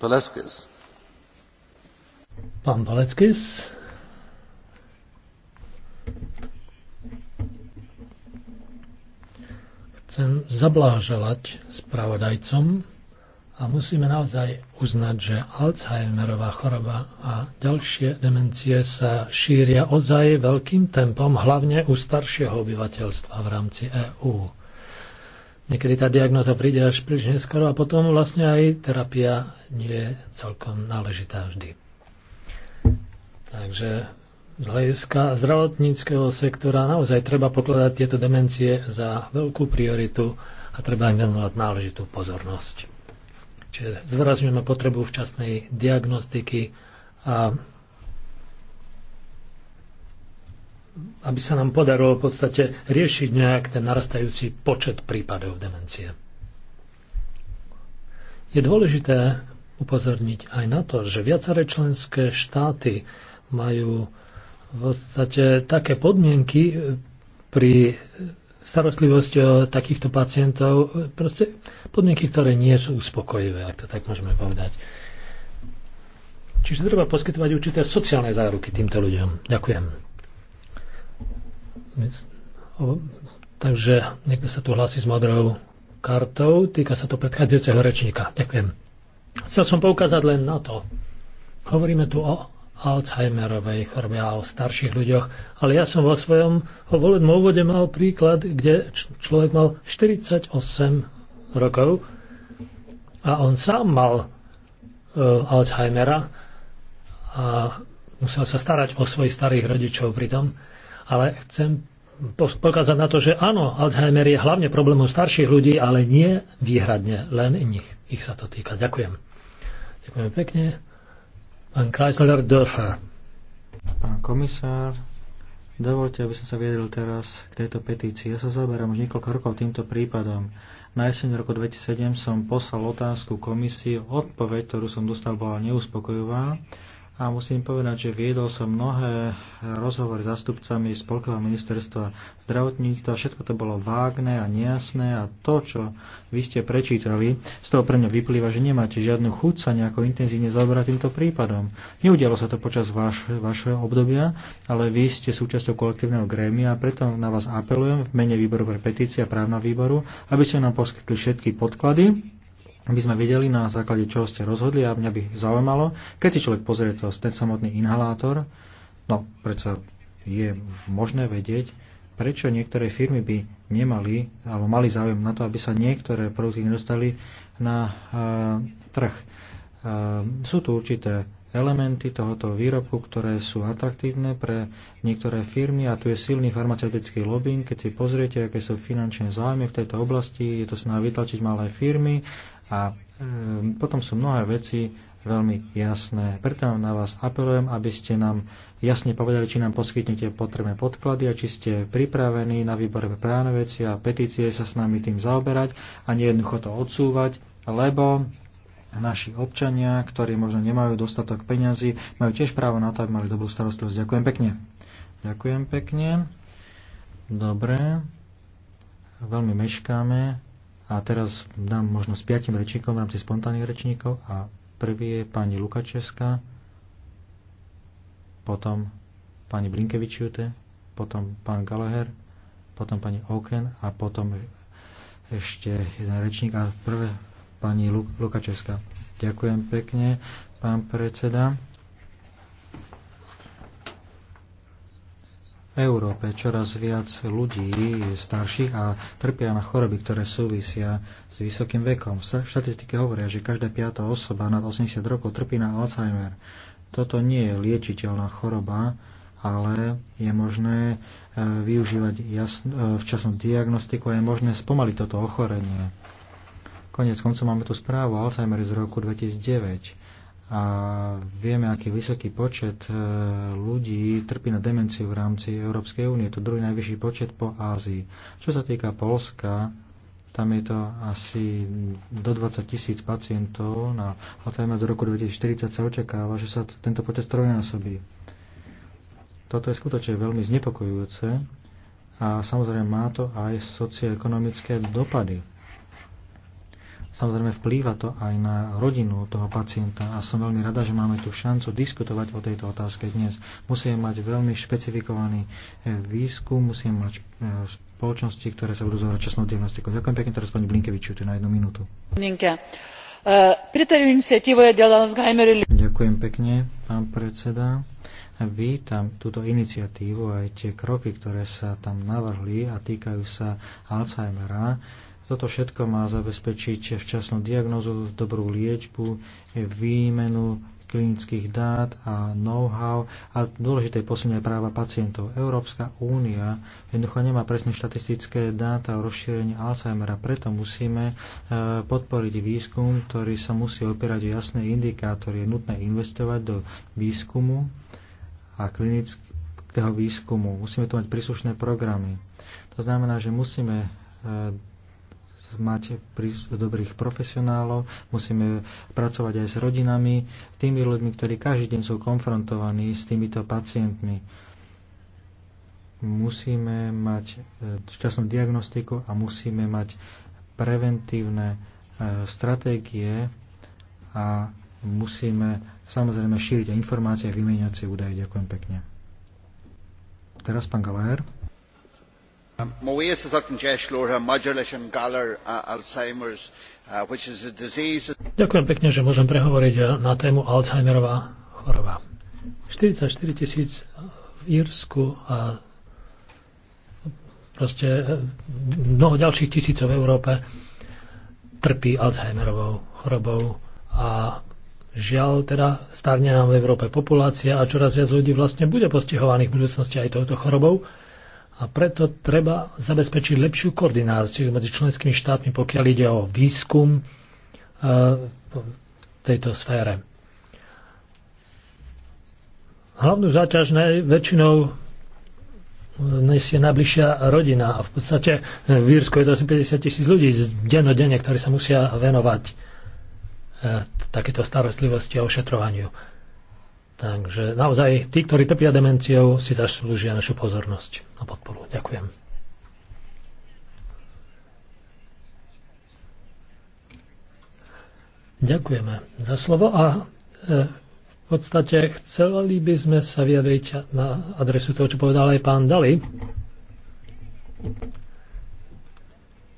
Palaskis. Pán Palackis. Chcem zabláželať spravodajcom a musíme naozaj uznať, že Alzheimerová choroba a ďalšie demencie sa šíria ozaj veľkým tempom, hlavne u staršieho obyvateľstva v rámci EÚ. Niekedy tá diagnoza príde až príliš neskoro a potom vlastne aj terapia nie je celkom náležitá vždy. Takže z hľadiska zdravotníckého sektora naozaj treba pokladať tieto demencie za veľkú prioritu a treba im venovať náležitú pozornosť. Čiže zvrazňujeme potrebu včasnej diagnostiky a aby sa nám podarilo v podstate riešiť nejak ten narastajúci počet prípadov demencie. Je dôležité upozorniť aj na to, že viaceré členské štáty majú v podstate také podmienky e, pri starostlivosti o takýchto pacientov, proste podmienky, ktoré nie sú uspokojivé, ak to tak môžeme povedať. Čiže treba poskytovať určité sociálne záruky týmto ľuďom. Ďakujem. Takže niekto sa tu hlási s modrou kartou. Týka sa to predchádzajúceho rečníka. Ďakujem. Chcel som poukázať len na to. Hovoríme tu o Alzheimerovej chorobe a o starších ľuďoch, ale ja som vo svojom volebnom úvode mal príklad, kde človek mal 48 rokov a on sám mal uh, Alzheimera a musel sa starať o svojich starých rodičov pritom. Ale chcem pokázať na to, že áno, Alzheimer je hlavne problémom starších ľudí, ale nie výhradne len nich. Ich sa to týka. Ďakujem. Ďakujem pekne. Pán Kreisler Dörfer. Pán komisár, dovolte, aby som sa viedel teraz k tejto petícii. Ja sa zaoberám už niekoľko rokov týmto prípadom. Na jeseň roku 2007 som poslal otázku komisii, odpoveď, ktorú som dostal, bola neuspokojivá a musím povedať, že viedol som mnohé rozhovory s zastupcami Spolkového ministerstva zdravotníctva. Všetko to bolo vágne a nejasné a to, čo vy ste prečítali, z toho pre mňa vyplýva, že nemáte žiadnu chuť sa nejako intenzívne zaoberať týmto prípadom. Neudialo sa to počas vaš, vašeho obdobia, ale vy ste súčasťou kolektívneho grémia a preto na vás apelujem v mene výboru pre petície a právna výboru, aby ste nám poskytli všetky podklady, aby sme vedeli na základe čoho ste rozhodli a mňa by zaujímalo, keď si človek pozrie to, ten samotný inhalátor, no prečo je možné vedieť, prečo niektoré firmy by nemali alebo mali záujem na to, aby sa niektoré produkty nedostali na uh, trh. Uh, sú tu určité elementy tohoto výrobku, ktoré sú atraktívne pre niektoré firmy a tu je silný farmaceutický lobbying. Keď si pozriete, aké sú finančné záujmy v tejto oblasti, je to snaha vytlačiť malé firmy a e, potom sú mnohé veci veľmi jasné. Preto na vás apelujem, aby ste nám jasne povedali, či nám poskytnete potrebné podklady a či ste pripravení na výbore právne veci a petície sa s nami tým zaoberať a nejednoducho to odsúvať, lebo naši občania, ktorí možno nemajú dostatok peňazí, majú tiež právo na to, aby mali dobrú starostlivosť. Ďakujem pekne. Ďakujem pekne. Dobre. Veľmi meškáme. A teraz dám možnosť piatim rečníkom v rámci spontánnych rečníkov a prvý je pani Lukačevská, potom pani Blinkevičiute, potom pán Gallagher, potom pani Oken a potom ešte jeden rečník a prvé pani Lukačevská. Ďakujem pekne, pán predseda. Európe čoraz viac ľudí starších a trpia na choroby, ktoré súvisia s vysokým vekom. Štatistiky hovoria, že každá piata osoba nad 80 rokov trpí na Alzheimer. Toto nie je liečiteľná choroba, ale je možné e, využívať e, včasnú diagnostiku a je možné spomaliť toto ochorenie. Konec koncov máme tu správu Alzheimer z roku 2009 a vieme, aký vysoký počet e, ľudí trpí na demenciu v rámci Európskej únie. To druhý najvyšší počet po Ázii. Čo sa týka Polska, tam je to asi do 20 tisíc pacientov na Alzheimer do roku 2040 sa očakáva, že sa tento počet trojnásobí. Toto je skutočne veľmi znepokojujúce a samozrejme má to aj socioekonomické dopady. Samozrejme vplýva to aj na rodinu toho pacienta a som veľmi rada, že máme tu šancu diskutovať o tejto otázke dnes. Musíme mať veľmi špecifikovaný e, výskum, musíme mať e, spoločnosti, ktoré sa budú zohrať časnou diagnostikou. Ďakujem pekne teraz pani Blinkeviču, tu na jednu minútu. E, Ďakujem pekne, pán predseda. Vítam túto iniciatívu aj tie kroky, ktoré sa tam navrhli a týkajú sa Alzheimera toto všetko má zabezpečiť včasnú diagnozu, dobrú liečbu, výmenu klinických dát a know-how a dôležité posilnenie práva pacientov. Európska únia jednoducho nemá presne štatistické dáta o rozšírení Alzheimera, preto musíme e, podporiť výskum, ktorý sa musí opierať o jasné indikátory. Je nutné investovať do výskumu a klinického výskumu. Musíme tu mať príslušné programy. To znamená, že musíme e, mať dobrých profesionálov, musíme pracovať aj s rodinami, s tými ľuďmi, ktorí každý deň sú konfrontovaní s týmito pacientmi. Musíme mať šťastnú e, diagnostiku a musíme mať preventívne e, stratégie a musíme samozrejme šíriť informácie a vymeniať si údaje. Ďakujem pekne. Teraz pán Galajer. Mo is a an deisluúthe maidir leis an galar Alzheimer's, which is a disease... Ďakujem pekne, že môžem prehovoriť na tému Alzheimerová choroba. 44 tisíc v Írsku a proste e, mnoho ďalších tisícov v Európe trpí Alzheimerovou chorobou a žiaľ teda starne nám v Európe populácia a čoraz viac ľudí vlastne bude postihovaných v budúcnosti aj touto chorobou a preto treba zabezpečiť lepšiu koordináciu medzi členskými štátmi, pokiaľ ide o výskum v eh, tejto sfére. Hlavnú záťaž väčšinou eh, nesie najbližšia rodina a v podstate eh, v Írsku je to asi 50 tisíc ľudí dennodenne, ktorí sa musia venovať takéto starostlivosti a ošetrovaniu. Takže naozaj tí, ktorí trpia demenciou, si zaslúžia našu pozornosť a podporu. Ďakujem. Ďakujeme za slovo a e, v podstate chceli by sme sa vyjadriť na adresu toho, čo povedal aj pán Dali.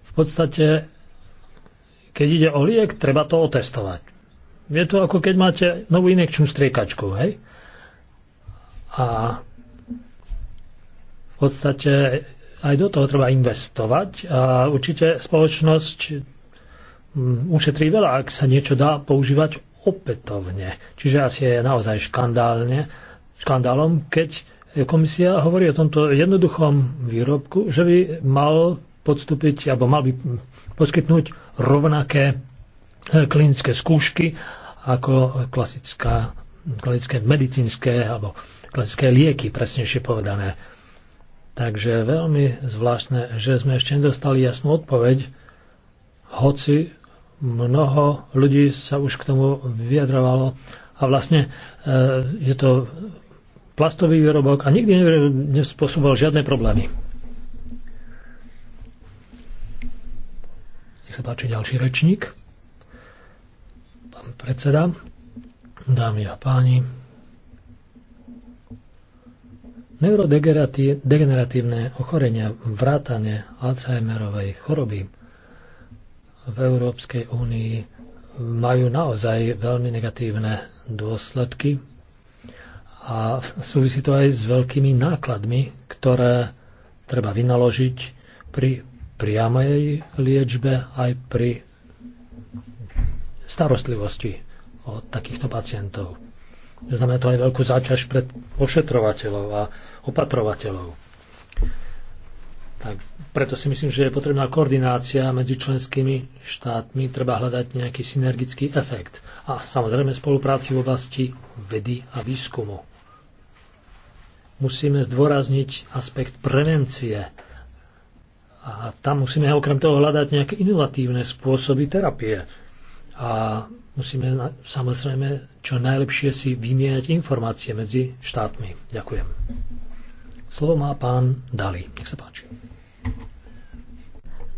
V podstate, keď ide o liek, treba to otestovať je to ako keď máte novú inekčnú striekačku, hej? A v podstate aj do toho treba investovať a určite spoločnosť mm, ušetrí veľa, ak sa niečo dá používať opätovne. Čiže asi je naozaj škandálne, škandálom, keď komisia hovorí o tomto jednoduchom výrobku, že by mal podstúpiť, alebo mal by poskytnúť rovnaké klinické skúšky ako klasická, klasické medicínske alebo klasické lieky, presnejšie povedané. Takže veľmi zvláštne, že sme ešte nedostali jasnú odpoveď, hoci mnoho ľudí sa už k tomu vyjadrovalo a vlastne e, je to plastový výrobok a nikdy nespôsoboval žiadne problémy. Nech sa páči ďalší rečník predseda, dámy a páni. Neurodegeneratívne ochorenia vrátane Alzheimerovej choroby v Európskej únii majú naozaj veľmi negatívne dôsledky a súvisí to aj s veľkými nákladmi, ktoré treba vynaložiť pri priamej liečbe aj pri starostlivosti o takýchto pacientov. Znamená to aj veľkú záťaž pred ošetrovateľov a opatrovateľov. Tak preto si myslím, že je potrebná koordinácia medzi členskými štátmi, treba hľadať nejaký synergický efekt a samozrejme spolupráci v oblasti vedy a výskumu. Musíme zdôrazniť aspekt prevencie a tam musíme okrem toho hľadať nejaké inovatívne spôsoby terapie a musíme samozrejme čo najlepšie si vymieňať informácie medzi štátmi. Ďakujem. Slovo má pán Dali. Nech sa páči.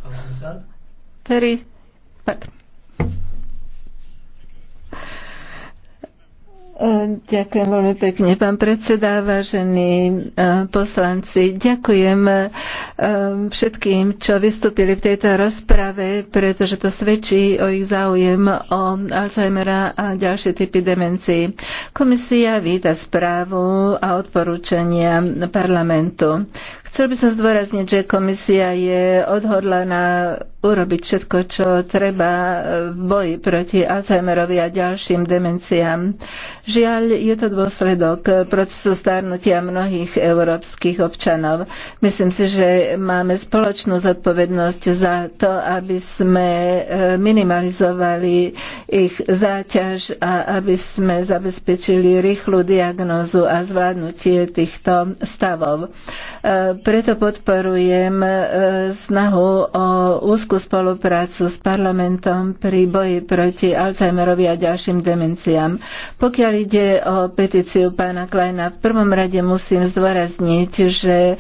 Pán Peri. Per. E, ďakujem veľmi pekne, pán predseda, vážení e, poslanci. Ďakujem e, všetkým, čo vystúpili v tejto rozprave, pretože to svedčí o ich záujem o Alzheimera a ďalšie typy demencií. Komisia víta správu a odporúčania parlamentu. Chcel by som zdôrazniť, že komisia je odhodlaná urobiť všetko, čo treba v boji proti Alzheimerovi a ďalším demenciám. Žiaľ, je to dôsledok procesu starnutia mnohých európskych občanov. Myslím si, že máme spoločnú zodpovednosť za to, aby sme e, minimalizovali ich záťaž a aby sme zabezpečili rýchlu diagnózu a zvládnutie týchto stavov e, preto podporujem e, snahu o úzkú spoluprácu s parlamentom pri boji proti Alzheimerovi a ďalším demenciám. Pokiaľ ide o petíciu pána Kleina, v prvom rade musím zdôrazniť, že e,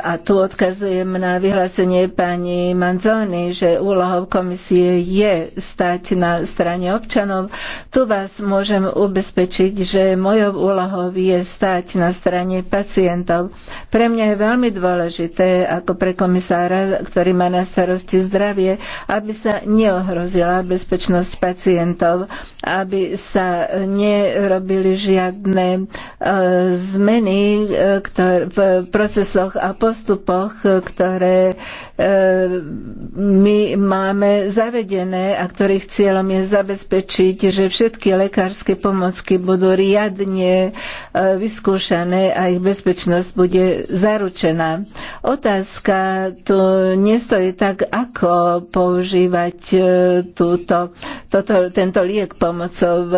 a tu odkazujem na vyhlásenie pani Manzoni, že úlohou komisie je stať na strane občanov. Tu vás môžem ubezpečiť, že mojou úlohou je stať na strane pacientov. Pre mňa je veľmi veľmi dôležité ako pre komisára, ktorý má na starosti zdravie, aby sa neohrozila bezpečnosť pacientov, aby sa nerobili žiadne e, zmeny e, v procesoch a postupoch, ktoré e, my máme zavedené a ktorých cieľom je zabezpečiť, že všetky lekárske pomocky budú riadne vyskúšané a ich bezpečnosť bude zaručená vyriešená. Otázka tu nestojí tak, ako používať e, túto, toto, tento liek pomocou e,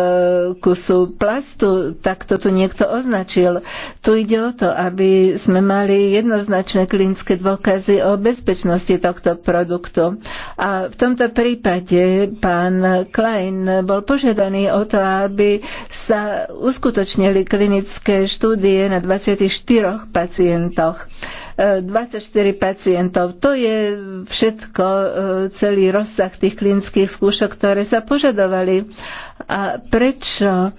kusu plastu, tak to tu niekto označil. Tu ide o to, aby sme mali jednoznačné klinické dôkazy o bezpečnosti tohto produktu. A v tomto prípade pán Klein bol požiadaný o to, aby sa uskutočnili klinické štúdie na 24 pacientoch. 24 pacientov. To je všetko, e, celý rozsah tých klinických skúšok, ktoré sa požadovali. A prečo e,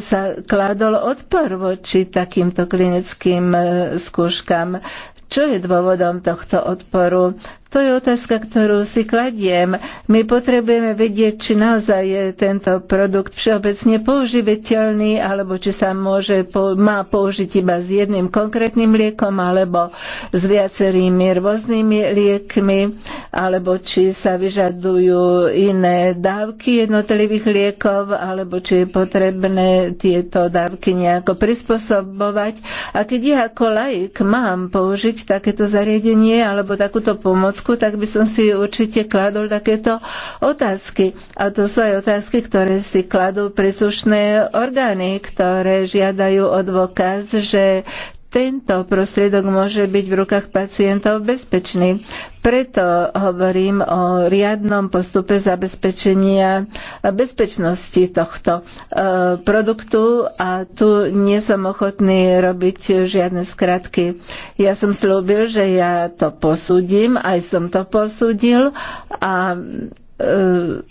sa kládol odpor voči takýmto klinickým e, skúškam? Čo je dôvodom tohto odporu? To je otázka, ktorú si kladiem. My potrebujeme vedieť, či naozaj je tento produkt všeobecne použiteľný, alebo či sa môže, má použiť iba s jedným konkrétnym liekom, alebo s viacerými rôznymi liekmi, alebo či sa vyžadujú iné dávky jednotlivých liekov, alebo či je potrebné tieto dávky nejako prispôsobovať. A keď ja ako laik mám použiť takéto zariadenie alebo takúto pomoc, otázku, tak by som si určite kladol takéto otázky. A to sú aj otázky, ktoré si kladú príslušné orgány, ktoré žiadajú o dôkaz, že tento prostriedok môže byť v rukách pacientov bezpečný. Preto hovorím o riadnom postupe zabezpečenia bezpečnosti tohto e, produktu a tu nie som ochotný robiť žiadne skratky. Ja som slúbil, že ja to posúdim, aj som to posúdil a e,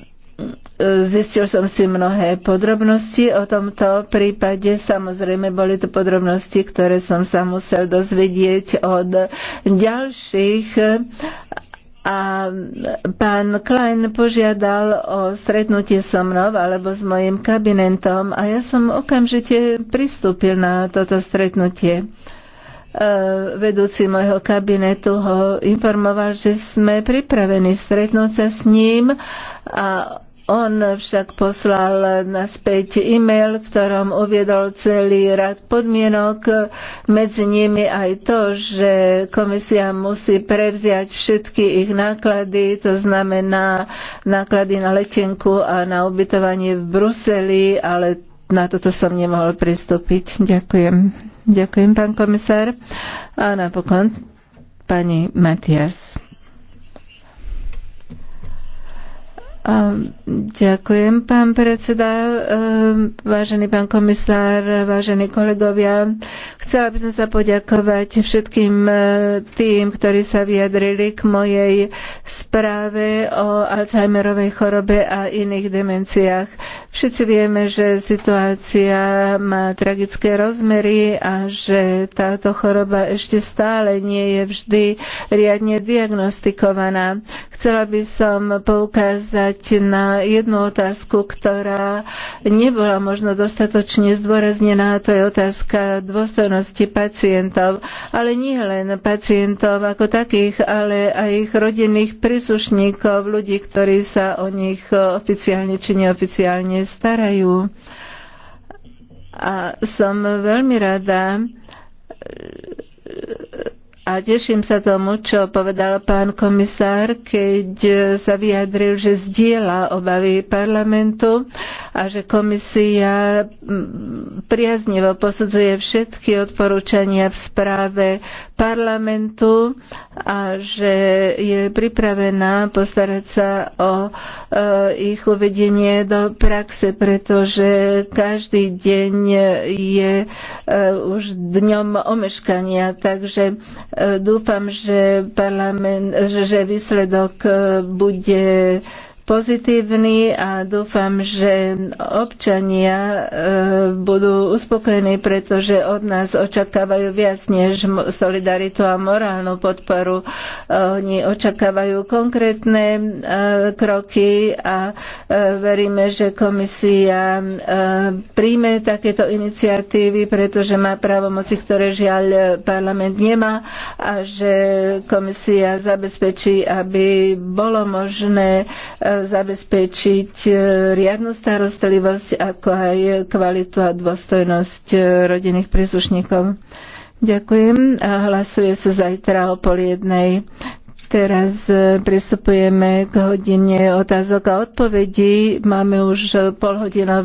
Zistil som si mnohé podrobnosti o tomto prípade. Samozrejme, boli to podrobnosti, ktoré som sa musel dozvedieť od ďalších a pán Klein požiadal o stretnutie so mnou alebo s mojim kabinetom a ja som okamžite pristúpil na toto stretnutie. E, vedúci môjho kabinetu ho informoval, že sme pripravení stretnúť sa s ním a on však poslal naspäť e-mail, v ktorom uviedol celý rad podmienok, medzi nimi aj to, že komisia musí prevziať všetky ich náklady, to znamená náklady na letenku a na ubytovanie v Bruseli, ale na toto som nemohol pristúpiť. Ďakujem. Ďakujem, pán komisár. A napokon pani Matias. Ehm, ďakujem, pán predseda, ehm, vážený pán komisár, vážení kolegovia. Chcela by som sa poďakovať všetkým e, tým, ktorí sa vyjadrili k mojej správe o Alzheimerovej chorobe a iných demenciách. Všetci vieme, že situácia má tragické rozmery a že táto choroba ešte stále nie je vždy riadne diagnostikovaná. Chcela by som poukázať na jednu otázku, ktorá nebola možno dostatočne zdôraznená, a to je otázka dôstojnosti pacientov, ale nie len pacientov ako takých, ale aj ich rodinných príslušníkov, ľudí, ktorí sa o nich oficiálne či neoficiálne starajú. A som veľmi rada a teším sa tomu, čo povedal pán komisár, keď sa vyjadril, že zdieľa obavy parlamentu a že komisia priaznivo posudzuje všetky odporúčania v správe parlamentu a že je pripravená postarať sa o e, ich uvedenie do praxe, pretože každý deň je e, už dňom omeškania, takže e, dúfam, že, parlament, že, že výsledok e, bude e, pozitívny a dúfam, že občania e, budú uspokojení, pretože od nás očakávajú viac než solidaritu a morálnu podporu. Oni očakávajú konkrétne e, kroky a e, veríme, že komisia príjme takéto iniciatívy, pretože má právomoci, ktoré žiaľ parlament nemá a že komisia zabezpečí, aby bolo možné zabezpečiť e, riadnu starostlivosť, ako aj kvalitu a dôstojnosť e, rodinných príslušníkov. Ďakujem. A hlasuje sa zajtra o pol jednej. Teraz e, pristupujeme k hodine otázok a odpovedí. Máme už polhodinové